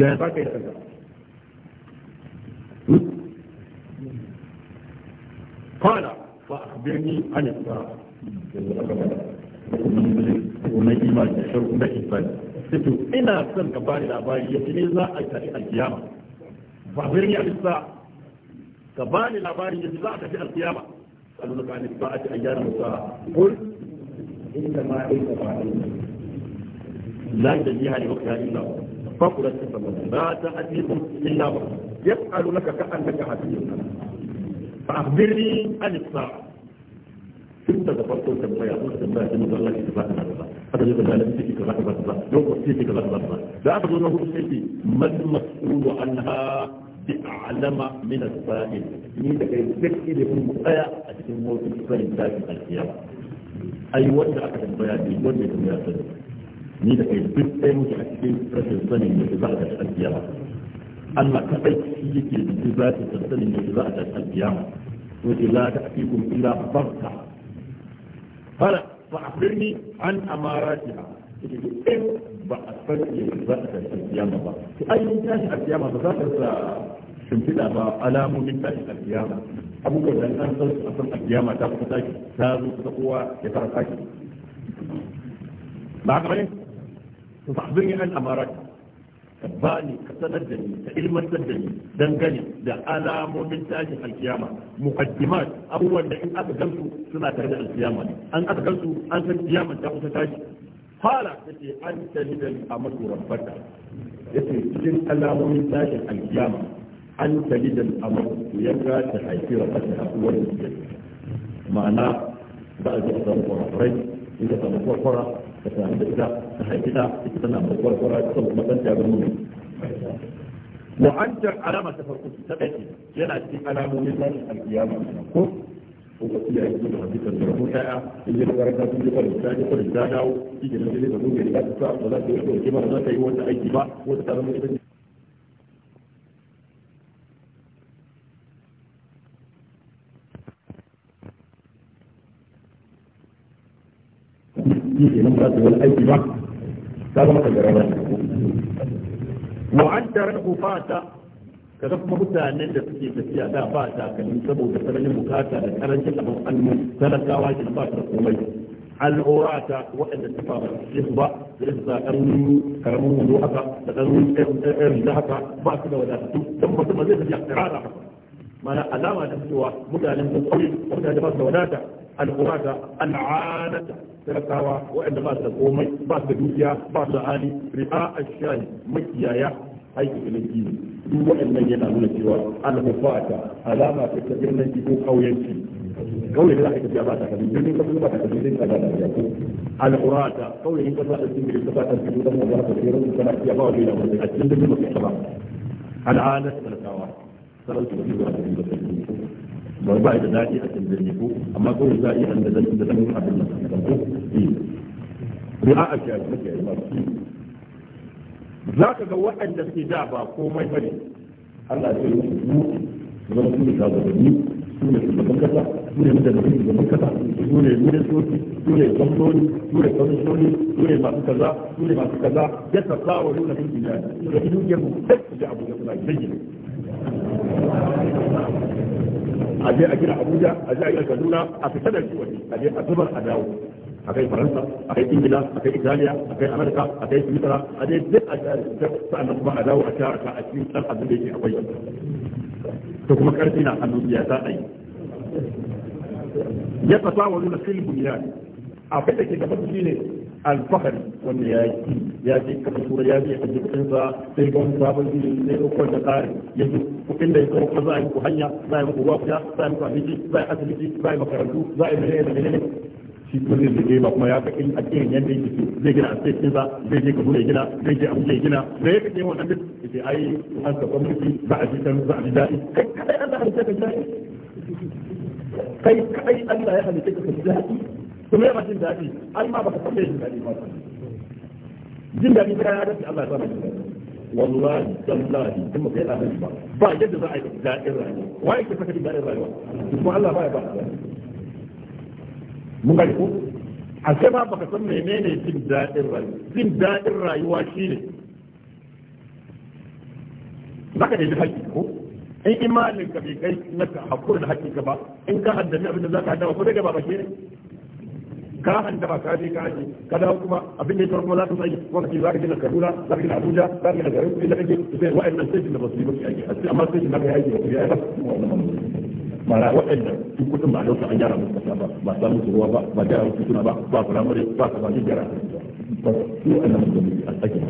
ya ba ka yi قال فأخبرني عن الساعة ومن إيمان الشر ومن إيمان ستو إنا سن كبار لاباري يتني لا أجتري القيامة فأخبرني عن الساعة كباري لاباري يتني لا أجتري القيامة قالوا لك عن الساعة أيام الساعة قل إنما إنما لا تجيها لوقتها إلا فقلت فمن لا تأتيكم إلا وقتها يسأل لك كأنك حفيظ فأخبرني عن الساعة أنت ذكرت لك ما يقول لك ما يقول لك كذا كذا كذا هذا يقول لك كذا كذا كذا يوم قصيت كذا كذا كذا لا أقول له قصيتي ما المسؤول عنها بأعلم من السائل مين ذاك يسكت لي في المؤية أجل موت السائل ذاك الخيار أي وجه أكد البيادي وجه المياسر مين ذاك يسكت لي في المؤية أجل موت السائل ذاك الخيار أن ما تقل فيك الانتباه تبتلي بعد الأيام وإذا لا تأتيكم إلا ضغطة قال فأخبرني عن أماراتها إن بأتفلي بعد القيامة في أي نتاج القيامة بذلك شمتلا بألام من تاج أن أنصر أصل عن أماراتها ka bani ka sanar da ni ka ilmantar da ni dangane da alamomin tashin alkiyama muqaddimat abubuwan da in aka gansu suna tare da alkiyama an aka gansu an san kiyama ta kusa tashi fara yace an talida amatu rabbaka yace cikin alamomin tashin alkiyama an talida ya ga ta haifi rabbaka uwar ma'ana ba a ji samu kwarai in ka samu ka sami da ita ka haifi ta ita tana mai kwarkwara ta saboda makanta ya wa an jar alama ta farko ta ɗaki yana cikin alamomin tashin alkiyama ko kuma iya yi da hadisan da rahoto ya in yi makaranta sun je kwarin ta je kwarin ta dawo shi ke nan sai da zo ga riga ta sa ba za ta yi wata aiki ba wata ta zama ita shi ke nan ba su wani aiki ba ta zama ka jaraba mu'addar kufata ka ga kuma mutanen da suke tafiya da ba takalmi saboda tsananin bukata da karancin abin almu talakawa ke ba ta komai al'urata waɗanda ta fara su ba da su sa ƙarni karamin wando haka da ƙarni ɗan da haka ba su da wadatu don mutum zai tafiya tsirara mana alama da cewa mutanen da kwaye mutanen da ba su da wadata al'urata al'anata talakawa waɗanda ba su komai ba su dukiya ba su hali ri'a ashani makiyaya aiki ilimi ne duk waɗannan yana nuna cewa al alama ta birnin ko kauyanci قولي لا حكي قبل ما تكتب لي كذا لا يكون القراءة قولي إن قبل أكتب لي كذا تكتب لي كذا كثيرا كما في أبعد إلى أكتب لي كذا العادة ثلاثة واحد ثلاثة واحد ba ba da daɗi a cikin birni ko amma ko za a iya da zan eh. da zan nan ko eh a ba za ka ga waɗanda suke da ba komai bane Allah ya yi su su ne kasa su ne mutane su su ne su ne su ne su ne kaza su ne kaza ya da da a je a gina abuja a je a gina kaduna a fita da shi waje a je a zubar a dawo a kai faransa a kai ingila a kai italiya a kai amurka a kai misra a je duk a jihar sa'annan kuma a dawo a shara a cikin ɗan abin da yake akwai to kuma karfi na hannun ya za a yi ya tsasa wani na da ke shi ne alfahari wanda ya yi ya ce kafa tura ya je a jikinsa sai ga wani sabon jini sai ɗaukar da tsari ya zo kuɗin da ya ɗauka za a yi ku hanya za a yi ku wafiya za a yi ku abinci za a yi asibiti za a yi makarantu za a yi mene da mene shi ko zai zage ba kuma ya ga in addinin yanda yake so zai gina asibiti ɗinsa zai je Kaduna ya gina zai je Abuja ya gina da ya kace wannan duk sai ai an ka gwamnati za a ji kan za a ji daɗi kai kai Allah ya halitta ka daɗi kai kai Allah ya halitta ka daɗi kuma yana jin daɗi ai ma baka san jin daɗi ba jin daɗi ta ya dace Allah ya sa wallahi tallahi in muka yi lafiya ba ba yadda za a yi daɗin rayuwa wa yake saka jin daɗin rayuwa kuma Allah ba ya ba mun gani ko a sai ma baka san menene jin daɗin rayuwa jin daɗin rayuwa shine zaka da haƙƙi ko in imanin ka bai kai naka hakuri da haƙƙi ka ba in ka haddami abin da zaka haddama ko daga ba ba ne ka hanta ba ka je ka aje ka dawo kuma abin da ya kuma za ka sai kuma ka za ka gina Kaduna za ka gina Abuja za ka gina garin kuɗi da kake sai wa'annan sai da ba su yi ba su aiki amma sai da ka yi aiki ba su yi ba mara waɗanda su kuɗin ba dauka an gyara musu kasa ba ba samu su ruwa ba ba gyara musu suna ba ba firamare ba ka ba ni gyara ba su waɗannan mutum a tsakin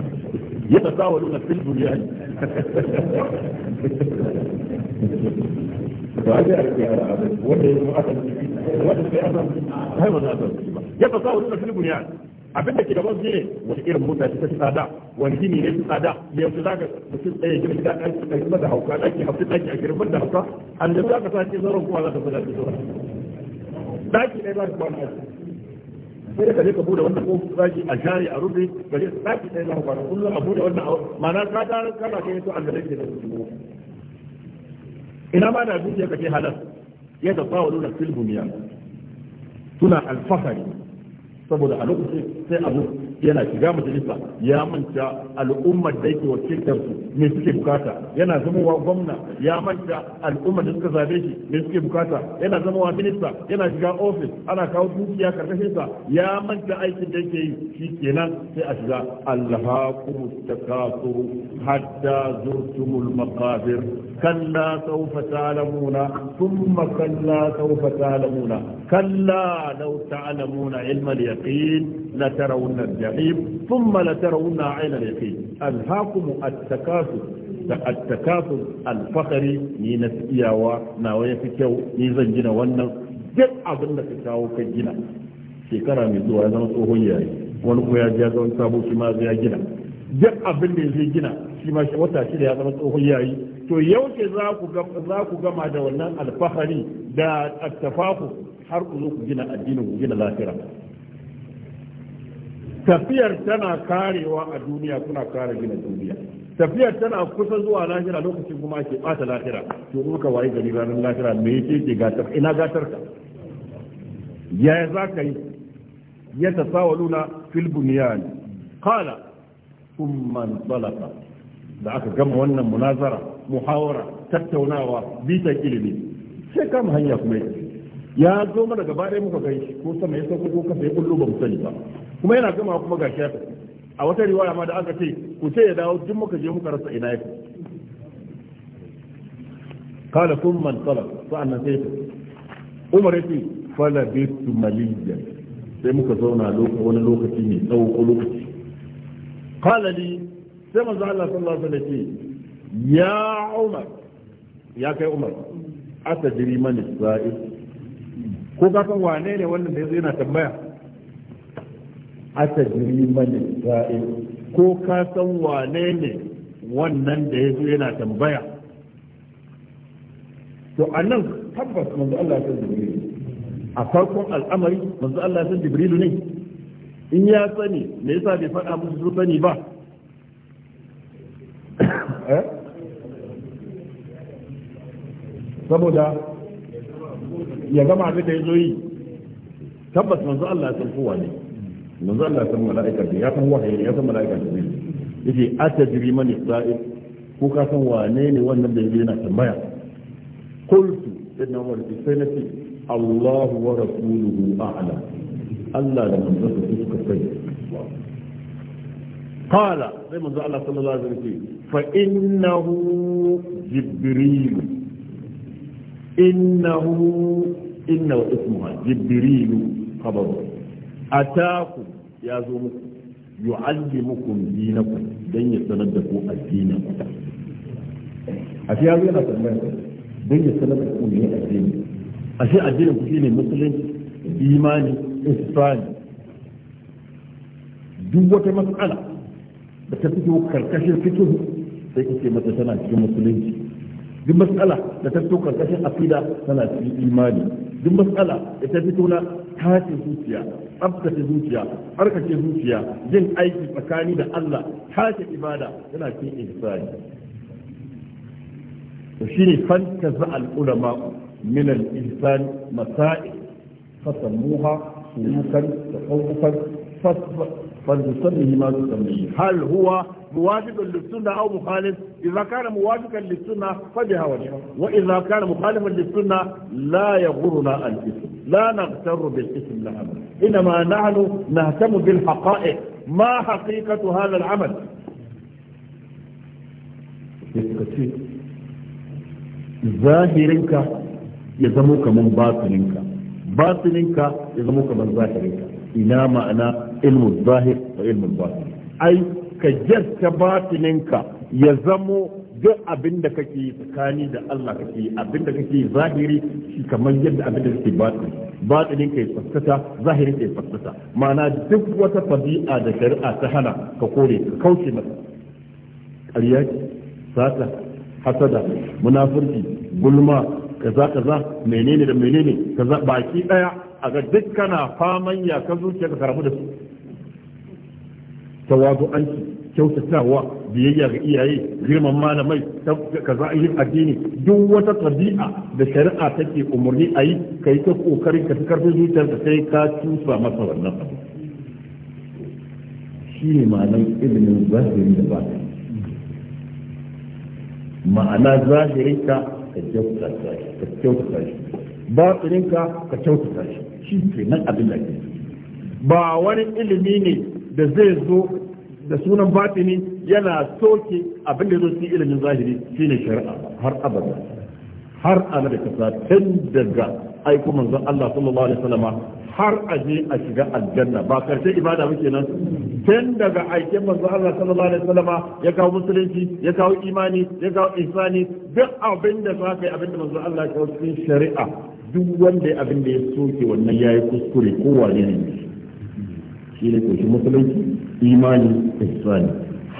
ya ta sa wani fil duniya ne ba a gyara gyara abin wanda ya zama asalin wanda sai asalin haiwa na asalin yatasawwaluna fil bunyan abin da ke gaban su ne wani irin mota ce ta fi tsada wani gini ne fi tsada yanzu za ka mutum tsaye gina gida ɗan su ɗan da hauka ɗaki hafi ɗaki a girman da hauka an da za ka sace zaron kowa za ka fi ɗaki zaron ɗaki ɗaya za ka kwana a sai ka je ka bude wannan ko zaki a share a rufe ka je ɗaki ɗaya za ka kwana kullum a bude wannan ma'ana ka ta kana kai su an da ɗaki da su ina ma da dukiya ka ce halal ya tafawa nuna filbuniya suna alfahari saboda a lokacin sai abu yana shiga majalisa ya manta al'ummar da yake wakiltar su me suke bukata yana zamowa gwamna ya manta al'ummar da suka zabe shi me suke bukata yana zamowa minista yana shiga ofis ana kawo dukiya karkashin sa ya manta aikin da yake yi shi kenan sai a shiga allahakum takasuru hatta zurtumul maqabir كلا سوف تعلمون ثم كلا سوف تعلمون كلا لو تعلمون علم اليقين لترون الجحيم ثم لترون عين اليقين ألهاكم التكاثر التكاثر الفخري ni na fi iyawa nawa ya fi kyau ni zan gina wannan duk abin da ka kawo ka gina shekara mai zuwa ya zama tsohon yayi wani ko ya sabo shi ma gina duk abin da zai gina shi ma wata shida ya zama tsohon yayi to yau ce za ku gama da wannan alfahari da tafafu har ku zo ku gina addinin ku gina lafira tafiyar tana karewa a duniya kuna kare gina duniya tafiyar tana kusa zuwa lahira lokacin kuma ke bata lahira to kuma ka wayi gari ranar lahira me yake ke gatar ina gatar ka yaya za ka yi ya tasawaluna fil bunyan qala ثم انطلق da aka gama wannan munazara muhawara tattaunawa bitar ilimi sai kama hanya kuma ya zo mana gaba ɗaya muka gani ko sama ya sauko ko kasa ya kullu ba mu sani ba kuma yana gama kuma gashi ya tafi a wata riwaya ma da aka ce ku ce ya dawo duk muka je muka rasa ina ya kala kun man tsala sa'an nan sai ta umar yace fala bi maliyan sai muka zauna wani lokaci mai tsawo lokaci قال لي sai manzo Allah ya Umar ya kai Umar atajri man sa'il ko ka san wane ne wannan da من yana tambaya ko ka san wane ne wannan da yana tambaya to anan tabbas manzo Allah sallallahu alaihi a farkon al'amari manzo Allah sallallahu alaihi ne in ya sani me yasa bai faɗa musu su sani ba eh? saboda ya gama abin da ya zo yi tabbas manzo Allah ya san kowa ne manzo Allah ya san mala'ika da ya san wahayi ya san mala'ika da zai yace atajri man isra'il ko ka san wane ne wannan da yake yana tambaya qultu inna wa sai nace Allah wa rasuluhu a'lam الله لمن ذكر فيك الخير قال زي ما الله صلى الله عليه وسلم فإنه جبريل إنه إنه اسمها جبريل خبر أتاكم يا زومك يعلمكم دينكم لن يتنبكوا الدين أشياء غير تنبكوا لن يتنبكوا الدين أشياء الدين في المسلم إيماني ihsan duk wata matsala da ta fito karkashin fito sai kace mata tana cikin musulunci duk matsala da ta fito karkashin aqida tana cikin imani duk matsala da ta fito na tashin zuciya tsabtace zuciya harkace zuciya jin aiki tsakani da Allah tashin ibada tana cikin ihsani to shine fantaza al ulama min al ihsan masail fasamuha ملوكا وحقوقا فلتصليه ما تصليه هل هو موافق للسنة أو مخالف إذا كان موافقا للسنة فبها وجهه وإذا كان مخالفا للسنة لا يغرنا الاسم لا نغتر بالاسم لنا إنما نحن نهتم بالحقائق ما حقيقة هذا العمل ظاهرك يزموك من باطنك batininka ya zama kamar zahirinka ina ma'ana ilmu zahir da ilmu batin ai ka jarta batininka ya zamo duk abin da kake tsakani da Allah kake abin da kake zahiri shi kamar yadda abin da kake batin batinin kai tsaftata zahiri kai tsaftata ma'ana duk wata fadi'a da shari'a ta hana ka kore ka kauce masa ƙarya sata hasada munafurci gulma kaza kaza menene da menene kaza baki daya a ga dukkana faman ya ka zuciya ka karamu da su tawazu'anci kyautatawa biyayya ga iyaye girman malamai kaza yin addini duk wata tabi'a da shari'a take umarni a yi ka yi ta kokarin ka fi karfin zuciyar ka sai ka tusa masa wannan abu shi ne malam ilimin zahiri da ba ma'ana zahirinka ka kyautata shi ka kyautata shi ba batininka ka kyautata shi shi ke nan abin da ke ba wani ilimi ne da zai zo da sunan batini yana soke abin da zo cikin ilimin zahiri shine shari'a har abada har ana da kasa tun daga aiko manzon Allah sallallahu alaihi wasallama har a je a shiga aljanna ba karshe ibada muke nan tun daga aikin manzo Allah sallallahu alaihi wasallama ya kawo musulunci ya kawo imani ya kawo ihsani duk abin da za ka yi abin da manzo Allah ya kawo shari'a duk wanda ya abin da ya soke wannan yayi kuskure ko wane ne shi ne koshi musulunci imani ihsani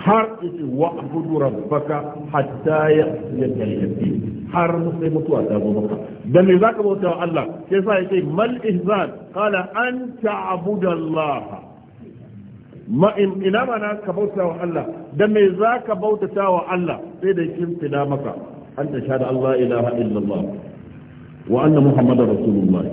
har yace wa'budu rabbaka hatta ya'tiyaka al-yaqin har sai mutuwa ta zo maka da me zaka bauta wa Allah sai sa yake mal ihzan qala an ta'budu Allah ma ina mana ka bauta wa Allah da me zaka bautata wa Allah sai da kin kimfida maka an ta shahada Allah ilaha illallah wa anna muhammadar rasulullah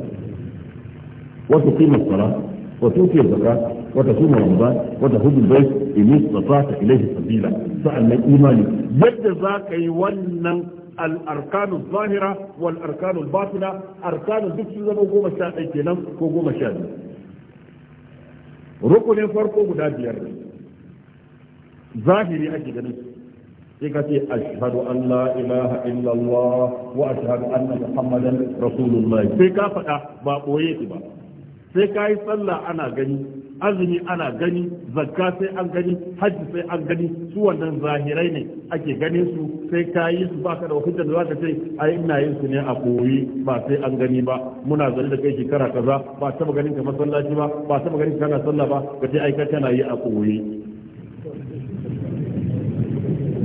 wa tuqima as-salat wa tu'ti az-zakat وتصوم رمضان وتهود البيت إن استطعت إليه سبيلا سأل من إيماني يد yi wannan. al zahira wal arkanu batina arkanu duk sun zama goma sha kenan ko goma sha biyu rukunin farko guda biyar ne zahiri ake ganin su sai ka ce ashhadu an la ilaha illallah wa ashhadu anna muhammadan rasulullah sai ka faɗa ba ɓoye ba sai ka yi sallah ana gani azumi ana gani zakka sai an gani hajji sai an gani su wannan zahirai ne ake ganin su sai ka yi su baka da hujjar da zaka ce ai ina yin su ne a koyi ba sai an gani ba muna zan da kai shekara kaza ba taba ganin ka masallaci ba ba taba ganin ka kana sallah ba ka ce ai ka tana yi a koyi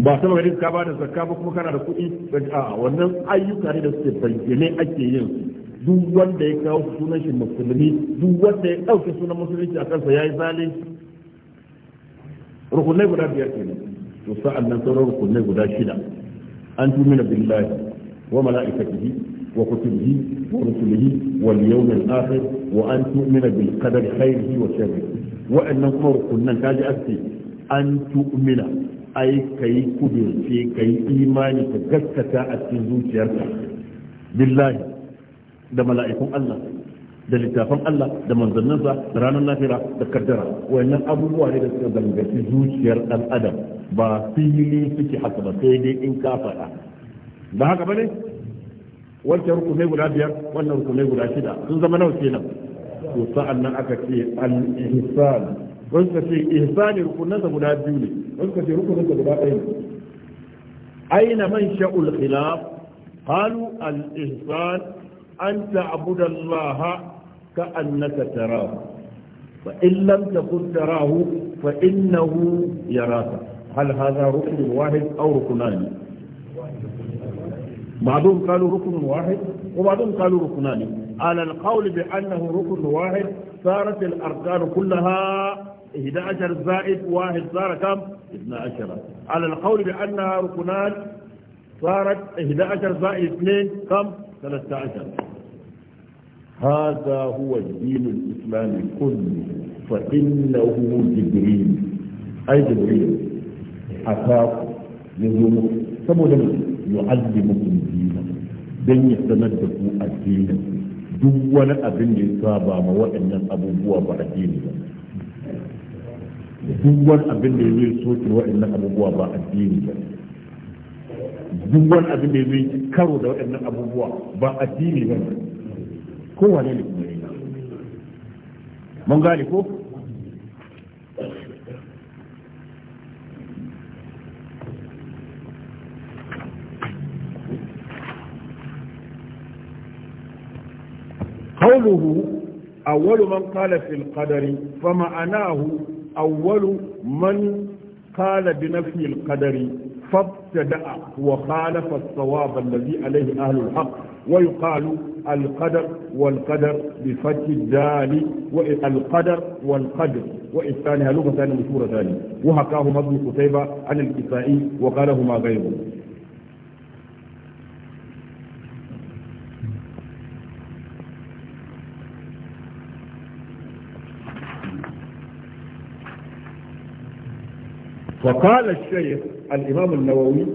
ba taba ganin ka ba da zakka ba kuma kana da kuɗi a wannan ayyuka ne da suke bayyane ake yin duk wanda ya kawo sunan shi musulmi duk wanda ya ɗauke sunan musulunci a kansa ya yi zalunci rukunai guda biyar kenan to sa'an nan sauran rukunai guda shida an tumina billahi wa mala'ikatihi wa kutubihi wa rusulihi wal yawmil akhir wa an tu'mina bil qadari khairihi wa sharrihi wa'annan kuma rukunan kaji ake an tu'mina ai kai kudirce kai imani ka gaskata a cikin zuciyarka billahi da mala'ikun Allah da littafin Allah da manzanninsa da ranar lafira da kaddara wayannan abubuwa ne da suka zangaci zuciyar ɗan adam ba fili suke haka ba sai dai in ka faɗa ba haka ba ne. wancan rukunai guda biyar wannan rukunai guda shida sun zama nawa kenan to sa'an nan aka ce al-ihsan wasu ka ce ihsani rukunansa guda biyu ne wasu ka ce rukunansa guda ɗaya ne aina man sha'ul khilaf qalu al-ihsan أن تعبد الله كأنك تراه فإن لم تكن تراه فإنه يراك هل هذا ركن واحد أو ركنان بعضهم قالوا ركن واحد وبعضهم قالوا ركنان على القول بأنه ركن واحد صارت الأركان كلها 11 زائد واحد صار كم 12 على القول بأنها ركنان صارت 11 زائد 2 كم 13 هذا هو الدين الإسلامي كله فإنه جبريل أي جبريل أتاكم يزومكم saboda mu yu'allimukum dinakum dan ya sanar da ku addinin duk wani abin da ya saba ma waɗannan abubuwa ba addini ba duk wani abin da ya waɗannan abubuwa ba ba duk wani abin da ya karo da waɗannan abubuwa ba ba kowane ne mun gane ko قوله أول من قال في القدر فمعناه أول من قال بنفي القدر فابتدأ وخالف الصواب الذي عليه أهل الحق ويقال القدر والقدر بفتح الدال والقدر والقدر وإثانها لغة ثانية مشهورة ثانية وهكاهما ابن قتيبة عن الكسائي وقالهما غيره وقال الشيخ الإمام النووي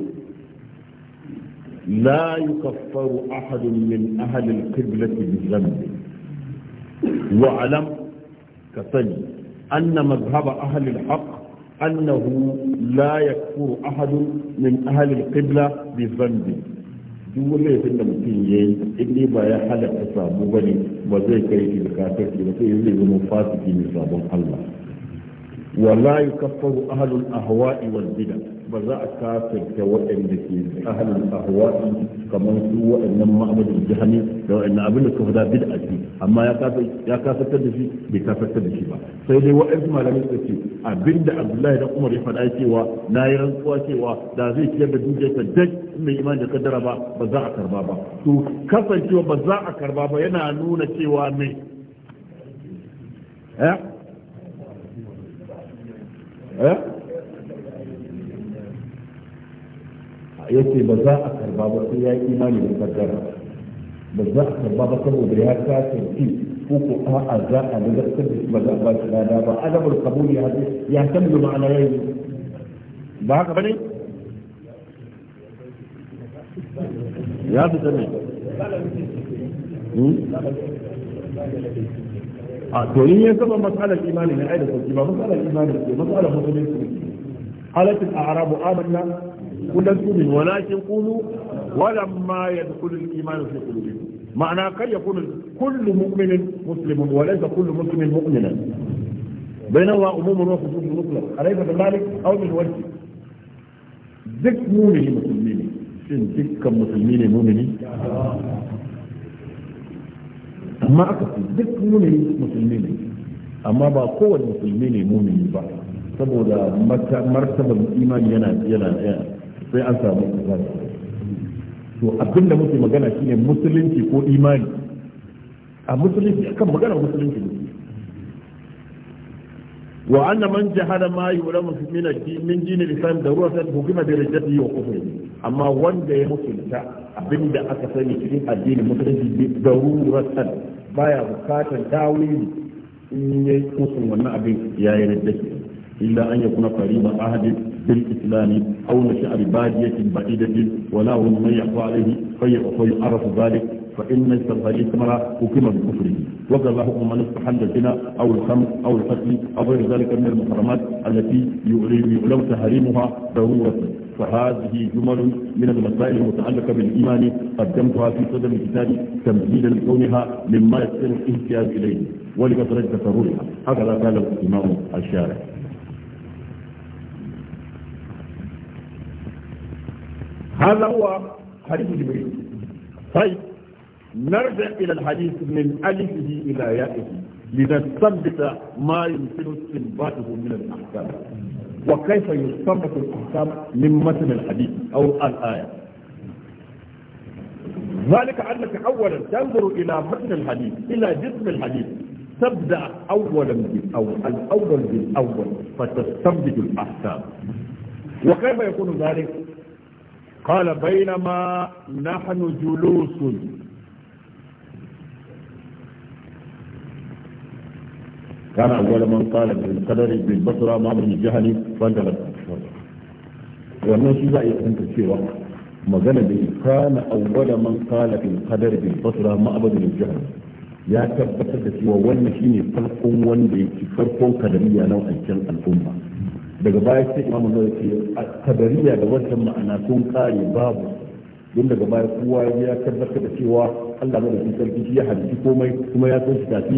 لا يكفر أحد من أهل القبلة بالذنب وعلم كثني أن مذهب أهل الحق أنه لا يكفر أحد من أهل القبلة بالذنب دولة في المتنين إني بايا حلق صابو بني وزيك يجي بكاتر في وزيك مفاتك من الله ولا يكفر أهل الأهواء والبدع ba za a kafirta waɗanda ke ahalin ahwa'i kamar su waɗannan ma'amadin jihani da waɗannan abin da suka fada bid'a ce amma ya kafirtar da shi bai kafirtar da shi ba sai dai waɗansu malamai suka ce da Abdullahi da Umar ya faɗa cewa na yi rantsuwa cewa da zai ciyar da dukiyarsa duk mai imani da kaddara ba ba za a karba ba to kasancewa ba za a karba ba yana nuna cewa me. eh eh ya ce ba za a karba ba sai ya yi imani da kaddara ba za a karba ba saboda ya kasa tafi ko ko a'a za a nazartar da ba za a ba shi lada ba adabul qabul ya ya tambaye ma'ana yayi ba haka bane ya fi sani hmm? a to in ya saba matsalar imani na aida sauki ba matsalar imani ke matsalar musulunci halatin a'rabu amanna كلكم ولكن قولوا ولما يدخل الايمان في قلوبكم معنى قد يكون كل مؤمن مسلم وليس كل مسلم مؤمنا بينما عموم الوصول المطلق اليس كذلك او من وجه ذك مؤمن مسلمين شن ذك مسلمين مؤمنين اما اكثر ذك مؤمن مسلمين اما با قوة مؤمنين با سبو دا مرتبة الإيمان ينال ينا sai an samu ikhlasi to abin da muke magana shine musulunci ko imani a musulunci akan magana musulunci ne wa anna man jahada ma yulamu min ad-din min din al-islam da ruwa sai hukuma da rajati wa kufri amma wanda ya musulunta abinda aka sani cikin addinin musulunci da ruwa sai baya bukatar tawili in yayi kusun wannan abin yayi rajati illa an yakuna qariba ahadin بالإسلام أو نشأ ببادية بعيدة ولا هم من يخفى عليه فيعرف ذلك فإن الفريق ثمرة حكم بكفره وكذا حكم من استحل الزنا أو الخمر أو القتل أو غير ذلك من المحرمات التي يعلم تحريمها ضرورة فهذه جمل من المسائل المتعلقة بالإيمان قدمتها في صدر الكتاب تمهيدا لكونها مما يستمر الاحتياج إليه ولكثرة تكررها هكذا قال الإمام الشارع هذا هو حديث جبريل طيب نرجع إلى الحديث من ألفه إلى يائه لنستنبط ما يمكن استنباطه من الأحكام وكيف يستنبط الأحكام من متن الحديث أو الآية ذلك أنك أولا تنظر إلى متن الحديث إلى جسم الحديث تبدأ أولا بالأول الأول بالأول فتستنبط الأحكام وكيف يكون ذلك قال بينما نحن جلوس كان أول من قال ابن قدر ابن بطرة مامر الجهل فانتبت ونشي بأي أنت في وقت ما قال كان أول من قال ابن قدر ابن بطرة مامر الجهل يا تبتدت وولنشيني فلقم وندي فلقم قدرية نوع الجن الأمة daga baya sai imamu na ce a kadariya da wancan ma'ana sun kare babu don daga baya kowa ya tabbata da cewa Allah mai cikin sarki shi ya halitta komai kuma ya san kafi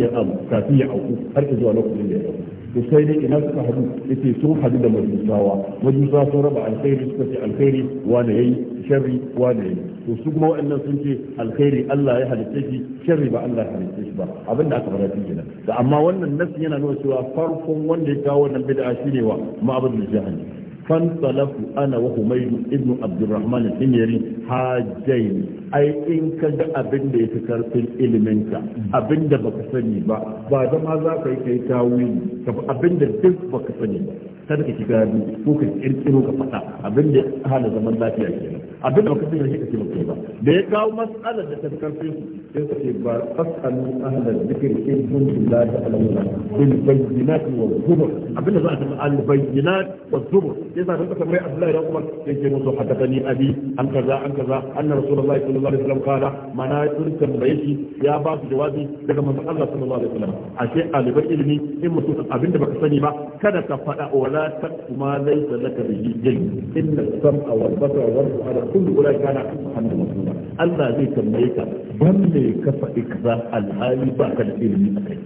ya ya auku har zuwa lokacin da ya auku to sai dai ina suka hadu yace sun hadu da majusawa majusawa sun raba alkhairi suka ce alkhairi wani yayi sharri wane ne to su kuma waɗannan sun ce alkhairi Allah ya halitta shi sharri ba Allah ya halitta shi ba abin da aka fara shi kenan da amma wannan nasi yana nuna cewa farkon wanda ya kawo wannan bid'a shine wa ma'abudul jahannam salafu ana wa humaydu ibn abdurrahman al-himyari hajjain ai in ka ga abin da yafi karfin iliminka abin da baka sani ba ba zama za ka yi kai tawili abin da duk baka sani ba kada ka shiga ko ka kirkiro ka faɗa abin da hana zaman lafiya kenan abin da baka sani shi kake maka ba da ya kawo mas'alar da ta fi karfi sai ka ce ba fasalu ahlal zikri in kuntum la ta'lamuna bil bayyinati wa zubur abin da za a tafi al bayyinat wa zubur sai sa ka tambayi Abdullahi da Umar sai ke musu haddathani abi an kaza an kaza anna rasulullahi sallallahu alaihi wasallam kana mana sun tambaye shi ya ba su jawabi daga manzon Allah sallallahu alaihi wasallam ashe alibar ilimi in mutum abin da baka sani ba kada ka faɗa wala takuma laysa laka bihi inna sam'a wal basara wal kullu ulai kana Muhammadu Allah zai tambaye ka ban me ka faɗi kaza alhali ba ka da ilimi akai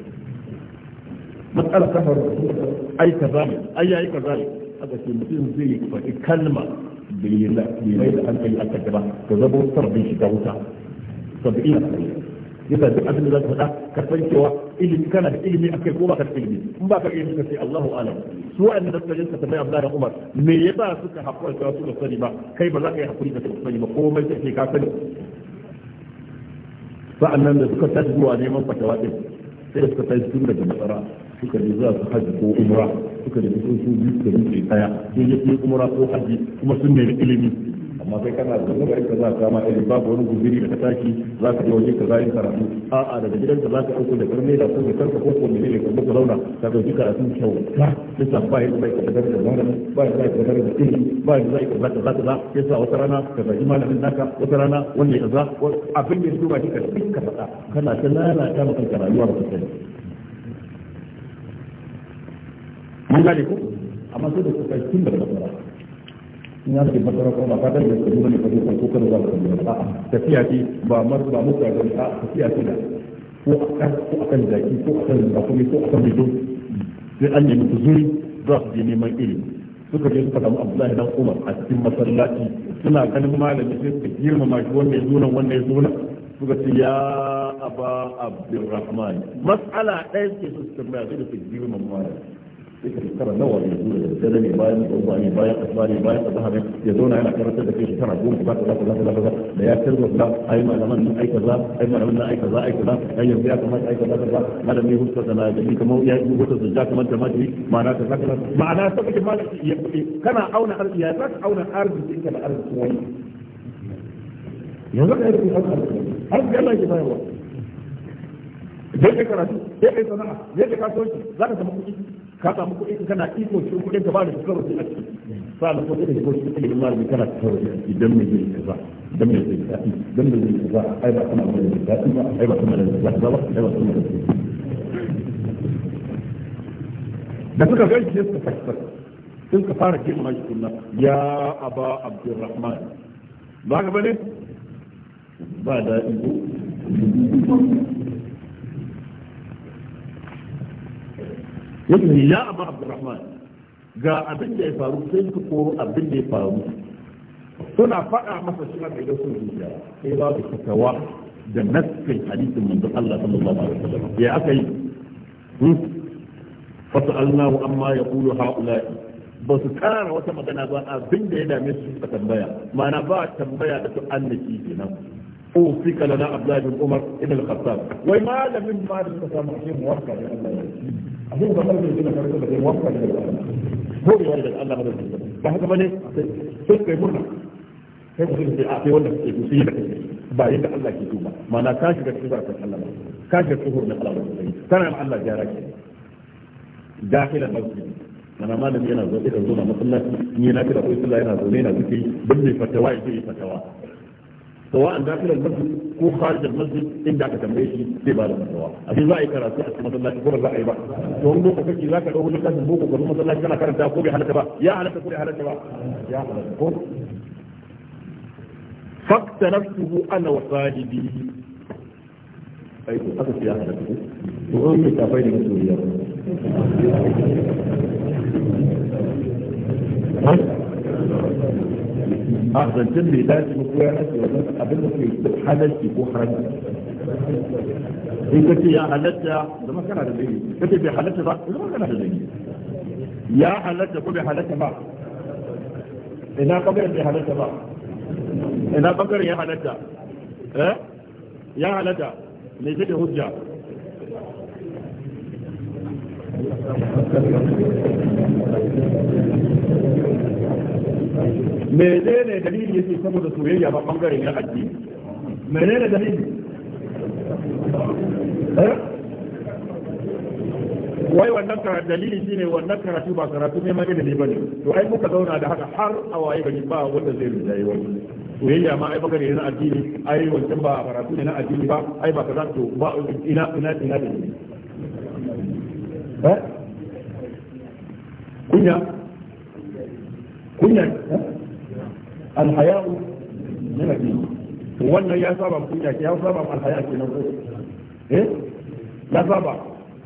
matsalar kafar ai kaza ai yayi kaza haka ce mutum zai faɗi kalma bai mai da hankali aka gaba ka zabo shiga wuta yasa duk abin da zaka faɗa ka san cewa ilimi kana da ilimi akai ko baka da ilimi in baka ilimi ka sai Allahu alam su wa'annan da suka jinka tambayi Abdullah da Umar me yasa suka hakura cewa su da sani ba kai ba za ka yi hakuri da sani ba komai kake ka sani sa'annan da suka tashi zuwa neman fatawa din sai da suka tashi tun daga masara suka je za su haji ko umra suka je sun su biyu da dutse daya sai ya umra ko haji kuma sun nemi ilimi amma sai kana da gari ka za ka ma irin babu wani guziri da ka tashi za ka yi waje ka zai karatu a'a daga gidan ka za ka ɗauko da karne da kuma da karka ko kuma ne ka muku launa, ka ɗauki karatu kyau ka lissa ba yi zai ka da zauna ba yi zai ka da ilimi ba yi zai ka za ka za ka za wata rana ka zagi malamin naka wata rana wanda ya za abin da ya duba ka duk ka faɗa kana ta lalata maka rayuwa ba ka sani mun gane ko amma sai da kuka tun da ka fara in ya ke fasara kuma ba ta da kaji bane kaji ko kada za ka yi a'a tafiya ce ba mar ba muka ga a'a tafiya ce da ko akan ko akan zaki ko akan bakumi ko akan bido sai an nemi kuzuri za su je neman ilimi suka je suka samu Abdullahi dan Umar a cikin masallaci suna ganin malami sai suka girmama shi wanda ya zo nan wanda ya zo nan suka ce ya aba Abdurrahman mas'ala ɗaya ce su suka mai da su girmama malami shekara nawa ne zuwa da dare ne bayan uba ne bayan kasuwa ne bayan kaza ne ya zauna yana karantar da kai shekara goma ba kaza kaza kaza kaza da ya tarzo da ai malaman nan ai kaza ai malaman nan ai kaza ai kaza ai yanzu ya kamata ai kaza kaza malami hutsa da na gani kamar ya yi hutsa da ja kamar da mati ma'ana kaza kaza ma'ana ta kake ma ya kana auna arziki ya zaka auna arziki ka da arziki wani yanzu ka yi rufin arziki arziki Allah ke bayarwa zai kai karatu zai kai sana'a zai kai kasuwanci za ka samu kuɗi ka samu kuɗi kana iko shi kuɗin ka ba da shekaru a ciki sa da kuɗi da shi kuɗi da malami kana shekaru a ciki dan mai zai kaza dan mai zai kaza dan mai zai kaza ai ba kana da kaza ba ai ba kana da kaza ba ai ba kana da kaza da suka ga shi suka fasta sun ka fara girma shi kunna ya aba abdurrahman ba ka bane ba da ido yake ne ya abu abdurrahman ga abin da ya faru sai ka koro abin da ya faru suna faɗa masa shi a da sun zuciya sai ba babu fitawa da nassin hadisin manzon Allah sallallahu alaihi wasallam ya aka yi hmm? fasalnahu amma yaqulu haula'i ba su karara wata magana ba abin da ya dame su suka tambaya ma'ana ba tambaya da su annaki kenan Ko fi kalana abdullahi bin umar ibn al-khattab wai malamin ma da suka samu shi muwaffa da Allah ya abin da farko yana farko da yawa ka da ko da daga Allah da ba haka bane sai kai murna sai ku sai a kai wannan sai ku sai da ba yadda Allah ke duba mana ka shiga cikin barkar Allah ka shiga cikin hurumin Allah kana ma Allah jara ke dakilan masjid mana malami yana zo idan zo na masallaci ni na kira ko sallah yana zo ne yana zuke bin mai fatawa ya fatawa سواء داخل المسجد او خارج المسجد ان ذاك تمريش في بعض المواقف في ذلك راس ما شاء الله تقول الله ايضا تقول له كيف ذاك لو انك تبوك وقول ما الله كان كان تقول يا على تبا يا على تقول يا على تبا يا نفسه انا وصاحبي ايوه فقت يا على تقول وهم كفايه ها أخذ الجنة لازم مكوية أسوأ لازم أبدا في حدث في بوحرة إن إذا في حلتة إذا ما كان هذا بيه كنت في حلتة إذا ما كان هذا بيه يا حلتة كل حلتة ما إنها قبر في حلتة ما إنها قبر يا حلتة إيه يا حلتة نزيد هجة Thank you. menene dalili yake saboda soyayya ba bangare na addini menene dalili eh? wai wannan karatu dalili shine wannan karatu ba karatu ne mai dalili bane to ai muka zauna da haka har a waye gani ba wanda zai rinjaye wani soyayya ma ai bangare na addini ai wancan ba karatu ne na addini ba ai ba kaza to ba ina ina ina da ni eh? kunya كل الحياء من الدين وانا يا سبب كلك يا سبب الحياء من الدين ايه لا سبب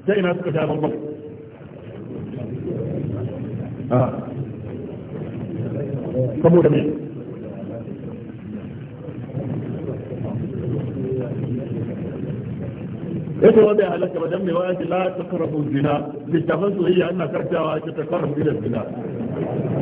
تأينا سكتها بالضبط اه طبو دمين ايه هو بيها لك بدم وقت لا تقربوا الزنا للتفاصل هي انك ارتعى تتقرب الى الزنا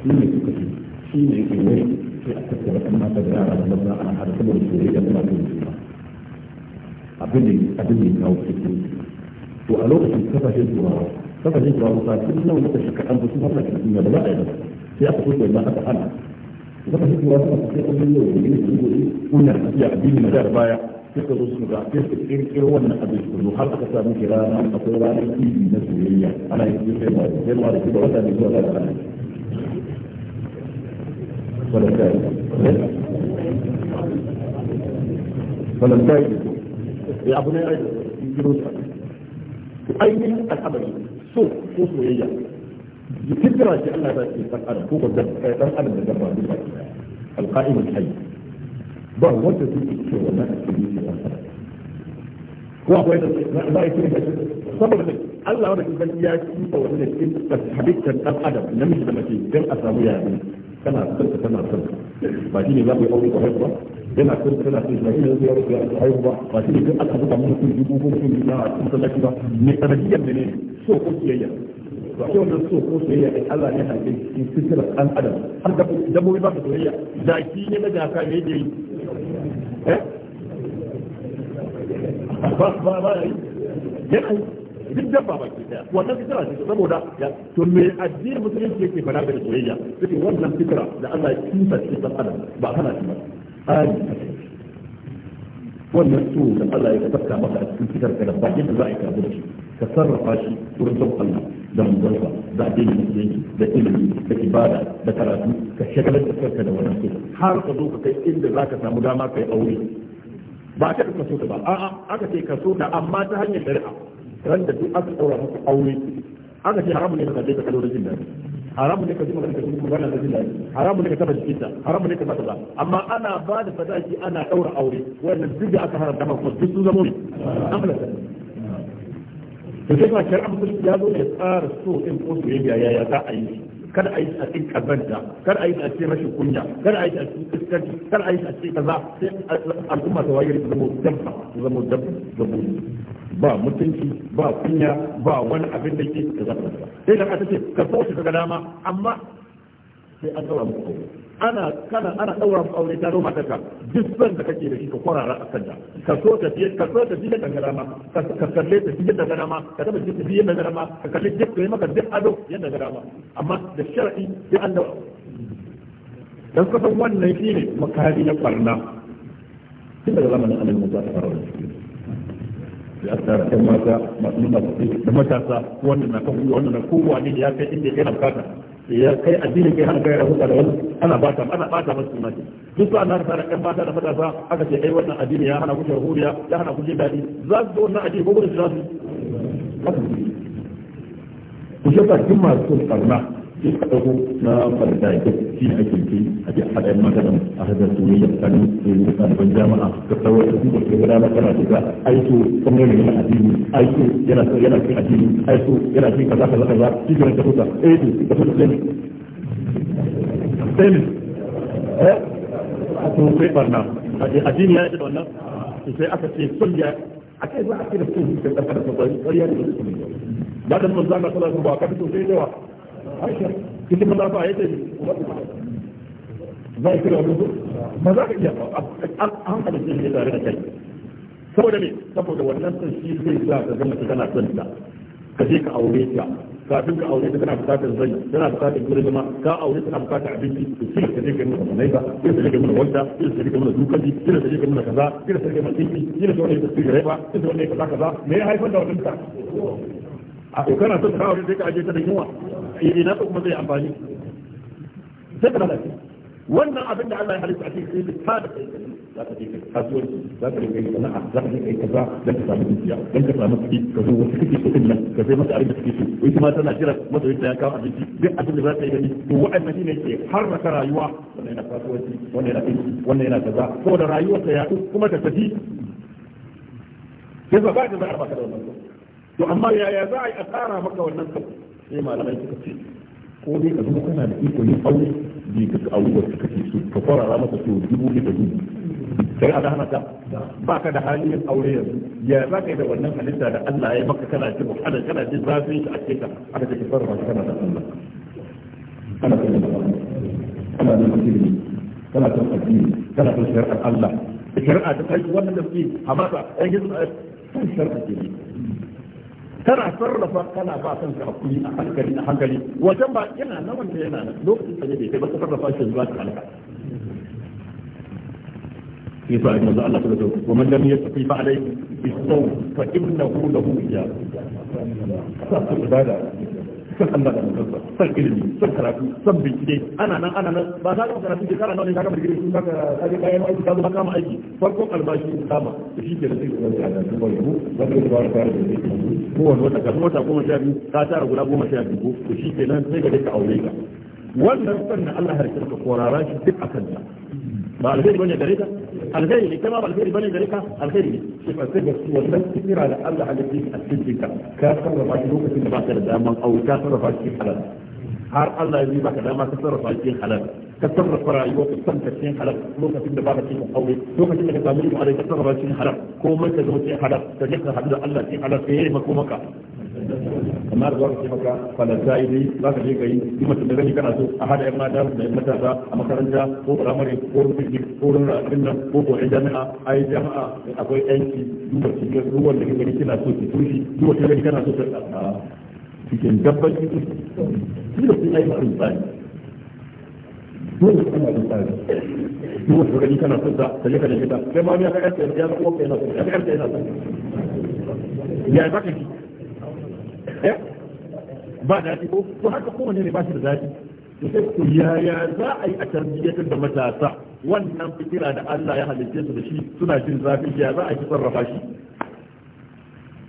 shine suka ce shine yake wai sai a tattara kan mata da yara da babba ana hada saboda soyayya suna da juna abin da abin da ya kawo cikin to a lokacin kasashen turawa kasashen turawa ba su nan wata shakaran ba su fara da duniya ba za a yi ba sai aka fito da aka hana kasashen turawa suna sai an yi yau da yin su gobe kuna tafiya addini na da baya suka zo suka ga sai su kirkiro wannan abin su zo har aka samu kira na akwai ranar ibi na soyayya ana yin sai ba sai ma da kuma wata ne zuwa da ana ولا سائل ولا سائل يا ابو نايل يجيبوا اين الحبل سوق سوق وهي فكرة أنها تتفق أنا فوق الدفع أنا الدفع القائم الحي بقى وانت تيجي ولا تيجي ولا هو أخوة لا يتيجي سبب Allah wanda kusan ya kifa wanda cikin halittar dan adam namiji da mace a samu yayi kana son kana son ba shi ne za ku yi aure ba ba yana son kana son ba shi ne zai yi aure ai ba ba shi ne duk aka buga mun kun dubu ko kun na kun sallaki ba ne sanadiyar ne so ko kiyayya to ake wannan so ko soyayya ai Allah ne hake cikin fitrar dan adam har da dabbobi ba su soyayya ne na ne da yi ba ba yana yi duk dabba ba ke daya wannan fitira ce saboda ya to me addinin musulunci yake fara da soyayya suke wannan fitira da Allah ya kinsa cikin dan adam ba kana shi ba wannan su da Allah ya tabbata maka a cikin fitar ka da bakin da za a yi karbu da shi ka sarrafa shi wurin son Allah da manzonsa da addinin musulunci da ilimi da ibada da karatu ka shagalar da kanka da wannan su har ka zo ka kai inda za ka samu dama kai aure ba ka da kaso ta ba a'a aka ce kaso ta amma ta hanyar shari'a wanda duk aka ɗaura musu aure aka ce haramun ne ka kaje ka kalo da jin haramun ne ka ji magana ka ji magana da jin haramun ne ka taba jikinta haramun ne ka ba ba amma ana ba da sadaki ana ɗaura aure wannan duk da aka haramta ma kuma duk sun zama ne an fara to sai ka shari'a musulunci ya zo ya tsara so ɗin ko ya yaya za a yi kada a yi a cikin kazanta kada a yi a cikin rashin kunya kada a yi a cikin iskanci kada a yi a cikin kaza sai al'umma ta wayar zama dabba zama dabba ba mutunci ba kunya ba wani abin da ke da zaka sai da aka ce ka so shi daga dama amma sai an daura muku aure ana kana ana daura muku aure ta zo mata ka duk san da kake da shi ka kwarara a kanta ka so ta fiye ka so ta fiye daga dama ka kalle ta fiye daga dama ka taba ta fiye daga dama ka kalle duk kai maka duk ado yanda daga dama amma da shar'i sai an daura dan kasan wannan shine makari na barna tun daga zamanin annabi Musa sallallahu alaihi wasallam ya tsara mata masu masu da matasa wannan na kan wannan na kowa ne ya kai inda yana bukata ya kai addinin kai hana gaira hutsa da wani ana bata ana bata masu suna duk sa na tsara kan mata da matasa aka ce ai wannan addini ya hana kujar huriya ya hana kujar dadi za su zo wannan addini ko gudun su za su ku shi ba masu karna duk ɗauko na farda ya shi a ke haɗa maganin a jama'a ka tsawar da kuma ke gudana kana shiga aiko yana addini aiko yana yana addini aiko yana kaza kaza kaza shi eh, eh to sai sai eh to sai barna addini ya yi wannan sai aka ce sun ya za a kira da da ya su ne ba manzo Allah sallallahu alaihi wasallam ba ka fito sai da kiti maza ba ya tafi za a kira wani ba za ka iya ba an hankali shi ne tare da kai saboda me saboda wannan san shi zai sa ka gama ta tana son ta ka je ka aure ta kafin ka aure ta kana bukatar zai tana bukatar gurin zama ka aure tana bukatar abinci to shi ka je ka nuna kamar ba kira ka je ka nuna wanda kira ka je ka nuna dukanci kira ka je ka nuna kaza kira ka je ka nuna tsinki kira ka je ka nuna kaza kaza me ya haifar da wannan ta a kana son kawo sai ka aje ta da yunwa ina eh, eh, na kuma zai amfani sai ka lalace wannan abin da Allah ya halitta a cikin sai ta da kai za ka je ka kasuwanci za ka je kai sana'a za ka je kai kaza dan ka samu dukiya dan ka samu kuɗi ka zo wasu kake kuɗin nan ka sai masa abin da kake so ita ma tana jira masa yadda ya kawo abinci duk abin da za ka yi gani to wa'annan shine yake harraka rayuwa wannan yana kasuwanci wannan yana aiki wannan yana kaza saboda rayuwarsa ya kuma ta tafi sai ba ba da za a baka da wannan to amma yaya za a yi a tsara maka wannan kasu sai malamai suka ce ko dai ka zama kana da iko yin aure bi ka aure da suka ce su ka kwarara masa to dubu da dubu sai a hana ta ba ka da hali yin aure yanzu ya za ka yi da wannan halitta da Allah ya baka kana jin wahala kana jin zafin shi a cikin ka aka ce ka sarrafa shi kana da Allah kana da kana da ilimi kana da addini kana da shari'ar Allah shari'a ta kai wannan da suke hamasa ai gizo ai shari'a ke tana sarrafa kana ba san ka hakuri a hankali a hankali wajen ba yana na wanda yana na lokacin da bai kai ba sarrafa shi zuwa ka halaka كيف أن الله الله كله ومن لم يستطيع فعليه بالصوم فإنه له إجابة عبادة son Allah da son ilimi son karatu son bincike ana nan ana nan ba za ka karatu ke kana nan ka ga sun ka ka kayan aiki ka zo ka kama aiki farko albashi ka kama shi ke da zai karatu ba ba ka da ko wani wata ka goma sha biyu ka tara guda goma sha biyu ko shi ke nan sai ka dai ka aure ka wannan son Allah har ka korara shi duk akan ta ba alheri bane gare ka alheri ne kai ma alheri bane gare ka alheri ne shi sai gaskiya wannan kira da Allah halitta a cikin ka ka sarrafa shi lokacin da ba ka da daman au ka sarrafa shi halal har Allah ya yi baka dama ka sarrafa shi halal ka sarrafa rayuwa ka halal lokacin da baka cikin aure lokacin da ka samu ka sarrafa halal ko mai ka zama halal ka je ka da Allah cikin halal sai ya yi maka amma da za ka maka falanta idi za ka je ka yi duk mutum da gani kana so a hada yan mata da yan matasa a makaranta ko firamare ko rubuci ko wurin abin nan ko ko jami'a ai jami'a akwai yanki duk wacce ga ruwan da gani kana so ki tushi duk wacce gani kana so ka cikin dabbaci duk da sun aiki da gani kana so ta ta kuma Eh? ba daɗi ko to haka kuma ne ba shi da daɗi to sai ku yaya za a yi a tarbiyyatar da matasa wannan fikira da Allah ya halicce su da shi suna jin zafi ya za a yi sarrafa shi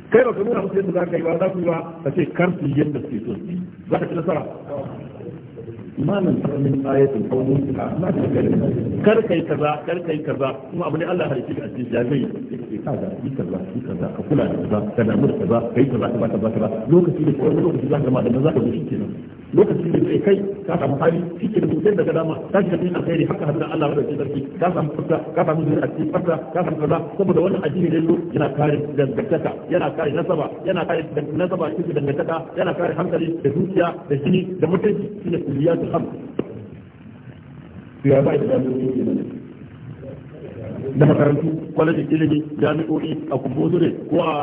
kai ba ka nuna musu yadda za ka yi ba za ku yi ba ka ce kar su yadda suke so za ka ci nasara ma nan tsanin ayatin kaunin suka ma da gari kar kai kaza kar kai kaza kuma abu ne Allah halitta ga cikin jami'i yake kaza yi kaza yi kaza ka kula da kaza ka damu da kaza kai kaza kaza kaza lokaci lokaci za ka zama da za kenan lokacin da kai kai ka samu hali shi da mutum daga dama ka shiga cikin alheri haka hadda Allah ya dauke sarki ka samu fata ka samu zuri a cikin fata ka samu kaza saboda wannan addini ne lo yana kare dangantaka yana kare nasaba yana kare nasaba cikin dangantaka yana kare hankali da zuciya da jini da mutunci shine kulliyatul hamd ya bai da mutunci da makarantu kwalejin ilimi jami'o'i a kumbozu ne ko a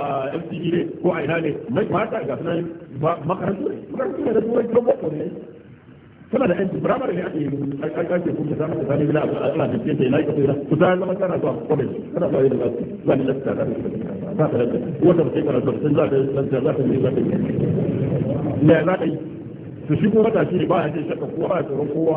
fcg ne ko a ina ne mai mata ga sunan makarantu ne makarantu ne da turai ko boko ne suna da yanci firamare ne ake yi ake kuma zama da sami bila a ala da kenta ina ka tsira ku ta zama kana zuwa college kana zuwa yin zafi za ni lafi tare za ta lafi wata ba sai kana zuwa zafi zafi ta yi zafi zafi ta zafi zafi ta zafi zafi zafi ta zafi zafi zafi zafi zafi zafi zafi zafi zafi zafi kowa zafi zafi kowa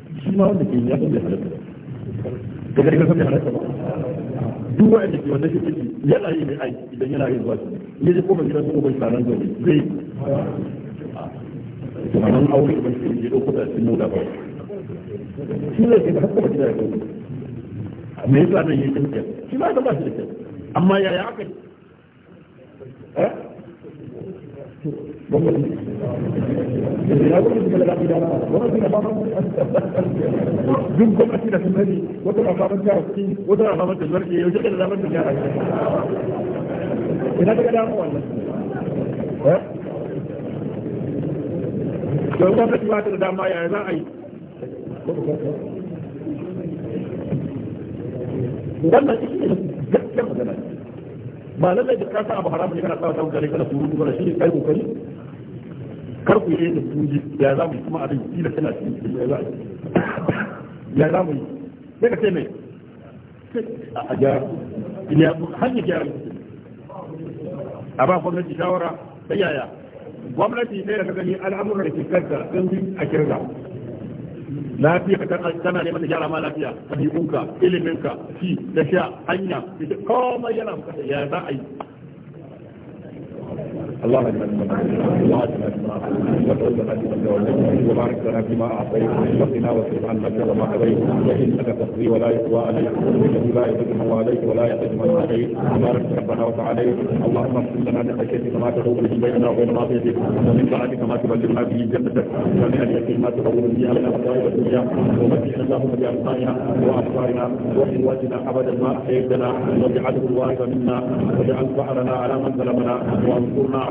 shi ma wanda ke ya halatta ka ga san halatta ba duk ke wanda shi yana yi mai idan yana yin zuwa ne gidan sanan zai aure ɗauko da ba shi ya me yasa nan shi ma ba shi da kyau amma yaya aka eh duk gwamnati da sun sani wata na jihar wata na jihar ke yau jikin da jihar ina daga wannan don gwamnati ba ta da dama yaya za a yi wannan gaskiyar magana ba lallai da kasa abu haramun ne kana sa ta mutane kana surutu kana shi ne kai kokari kar ku yi da suji ya za mu yi kuma abin kila kana shi ya za ya za mu yi sai ka ce mai a gyara ya hanyar gyara a ba gwamnati shawara ta yaya gwamnati ne da ka gani al'amuran da ke kanta ɗin a kirga lafiya ka kana ne mata gyara ma lafiya ilimin ka ci da sha hanya komai yana ya za a yi اللهم اجعل وبارك لنا فيما اعطيت وقنا واصرف عنا شر ما قضيت فانك تقضي ولا يقضى عليك انه لا يضل من ولا يضل عليك تبارك ربنا وتعاليك اللهم اغفر لنا من خشيتك ما تحول به بيننا وبين معصيتك ومن بعدك ما تبلغنا به جنتك ومن اليقين ما تحول به علينا مصائب الدنيا ومتعنا اللهم بامثالنا وابصارنا وقوتنا ابدا ما احييتنا واجعله الوارث منا واجعل ظهرنا على من ظلمنا وانصرنا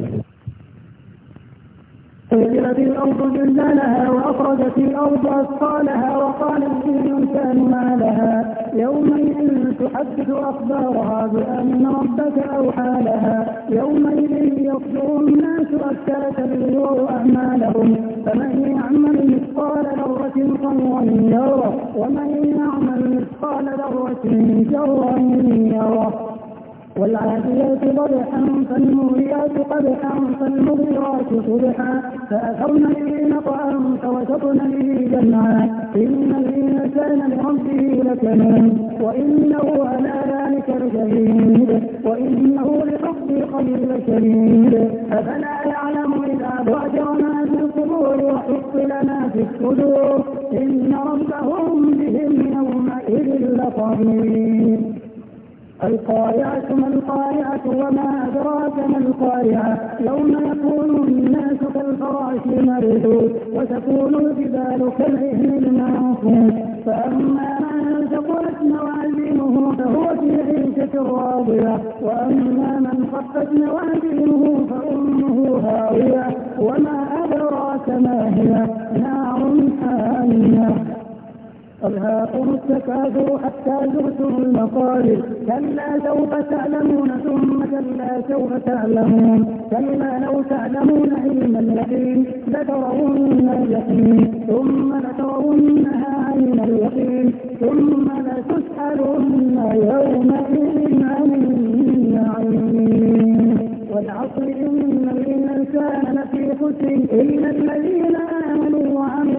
فجرت الأرض جلالها وأخرجت الأرض أثقالها وقال الإنسان ما لها يومئذ تحدث أخبارها بأن ربك أوحى لها يومئذ يصدر الناس أشتاتا ليروا أعمالهم فمن يعمل مثقال ذرة خيرا يره ومن يعمل مثقال ذرة شرا يره والعاديات ضبحا فالموريات قدحا فالمغيرات صبحا فأثرنا به نقعا فوسطنا به جمعا إن الإنسان لربه لكنون وإنه على ذلك لشهيد وإنه لحب القدر لشهيد أفلا يعلم إذا بعثر ما في القبور وحصل ما في الصدور إن ربهم بهم يومئذ لخبير القارعة ما القارعة وما أدراك ما القارعة يوم يكون الناس كالفراش المردود وتكون الجبال كالعهن المنفوش فأما من ثقلت موازينه فهو في عيشة راضية وأما من خفت موازينه فأمه هاوية وما أدراك ما هي نار حامية أرهاكم التكاثر حتى زرتم المقابر كلا سوف تعلمون ثم كلا سوف تعلمون كلا لو تعلمون علم اليقين لترون اليقين ثم لترونها عين اليقين ثم لتسألن يومئذ عن النعيم والعصر إن الإنسان لفي خسر إلا الذين آمنوا وعملوا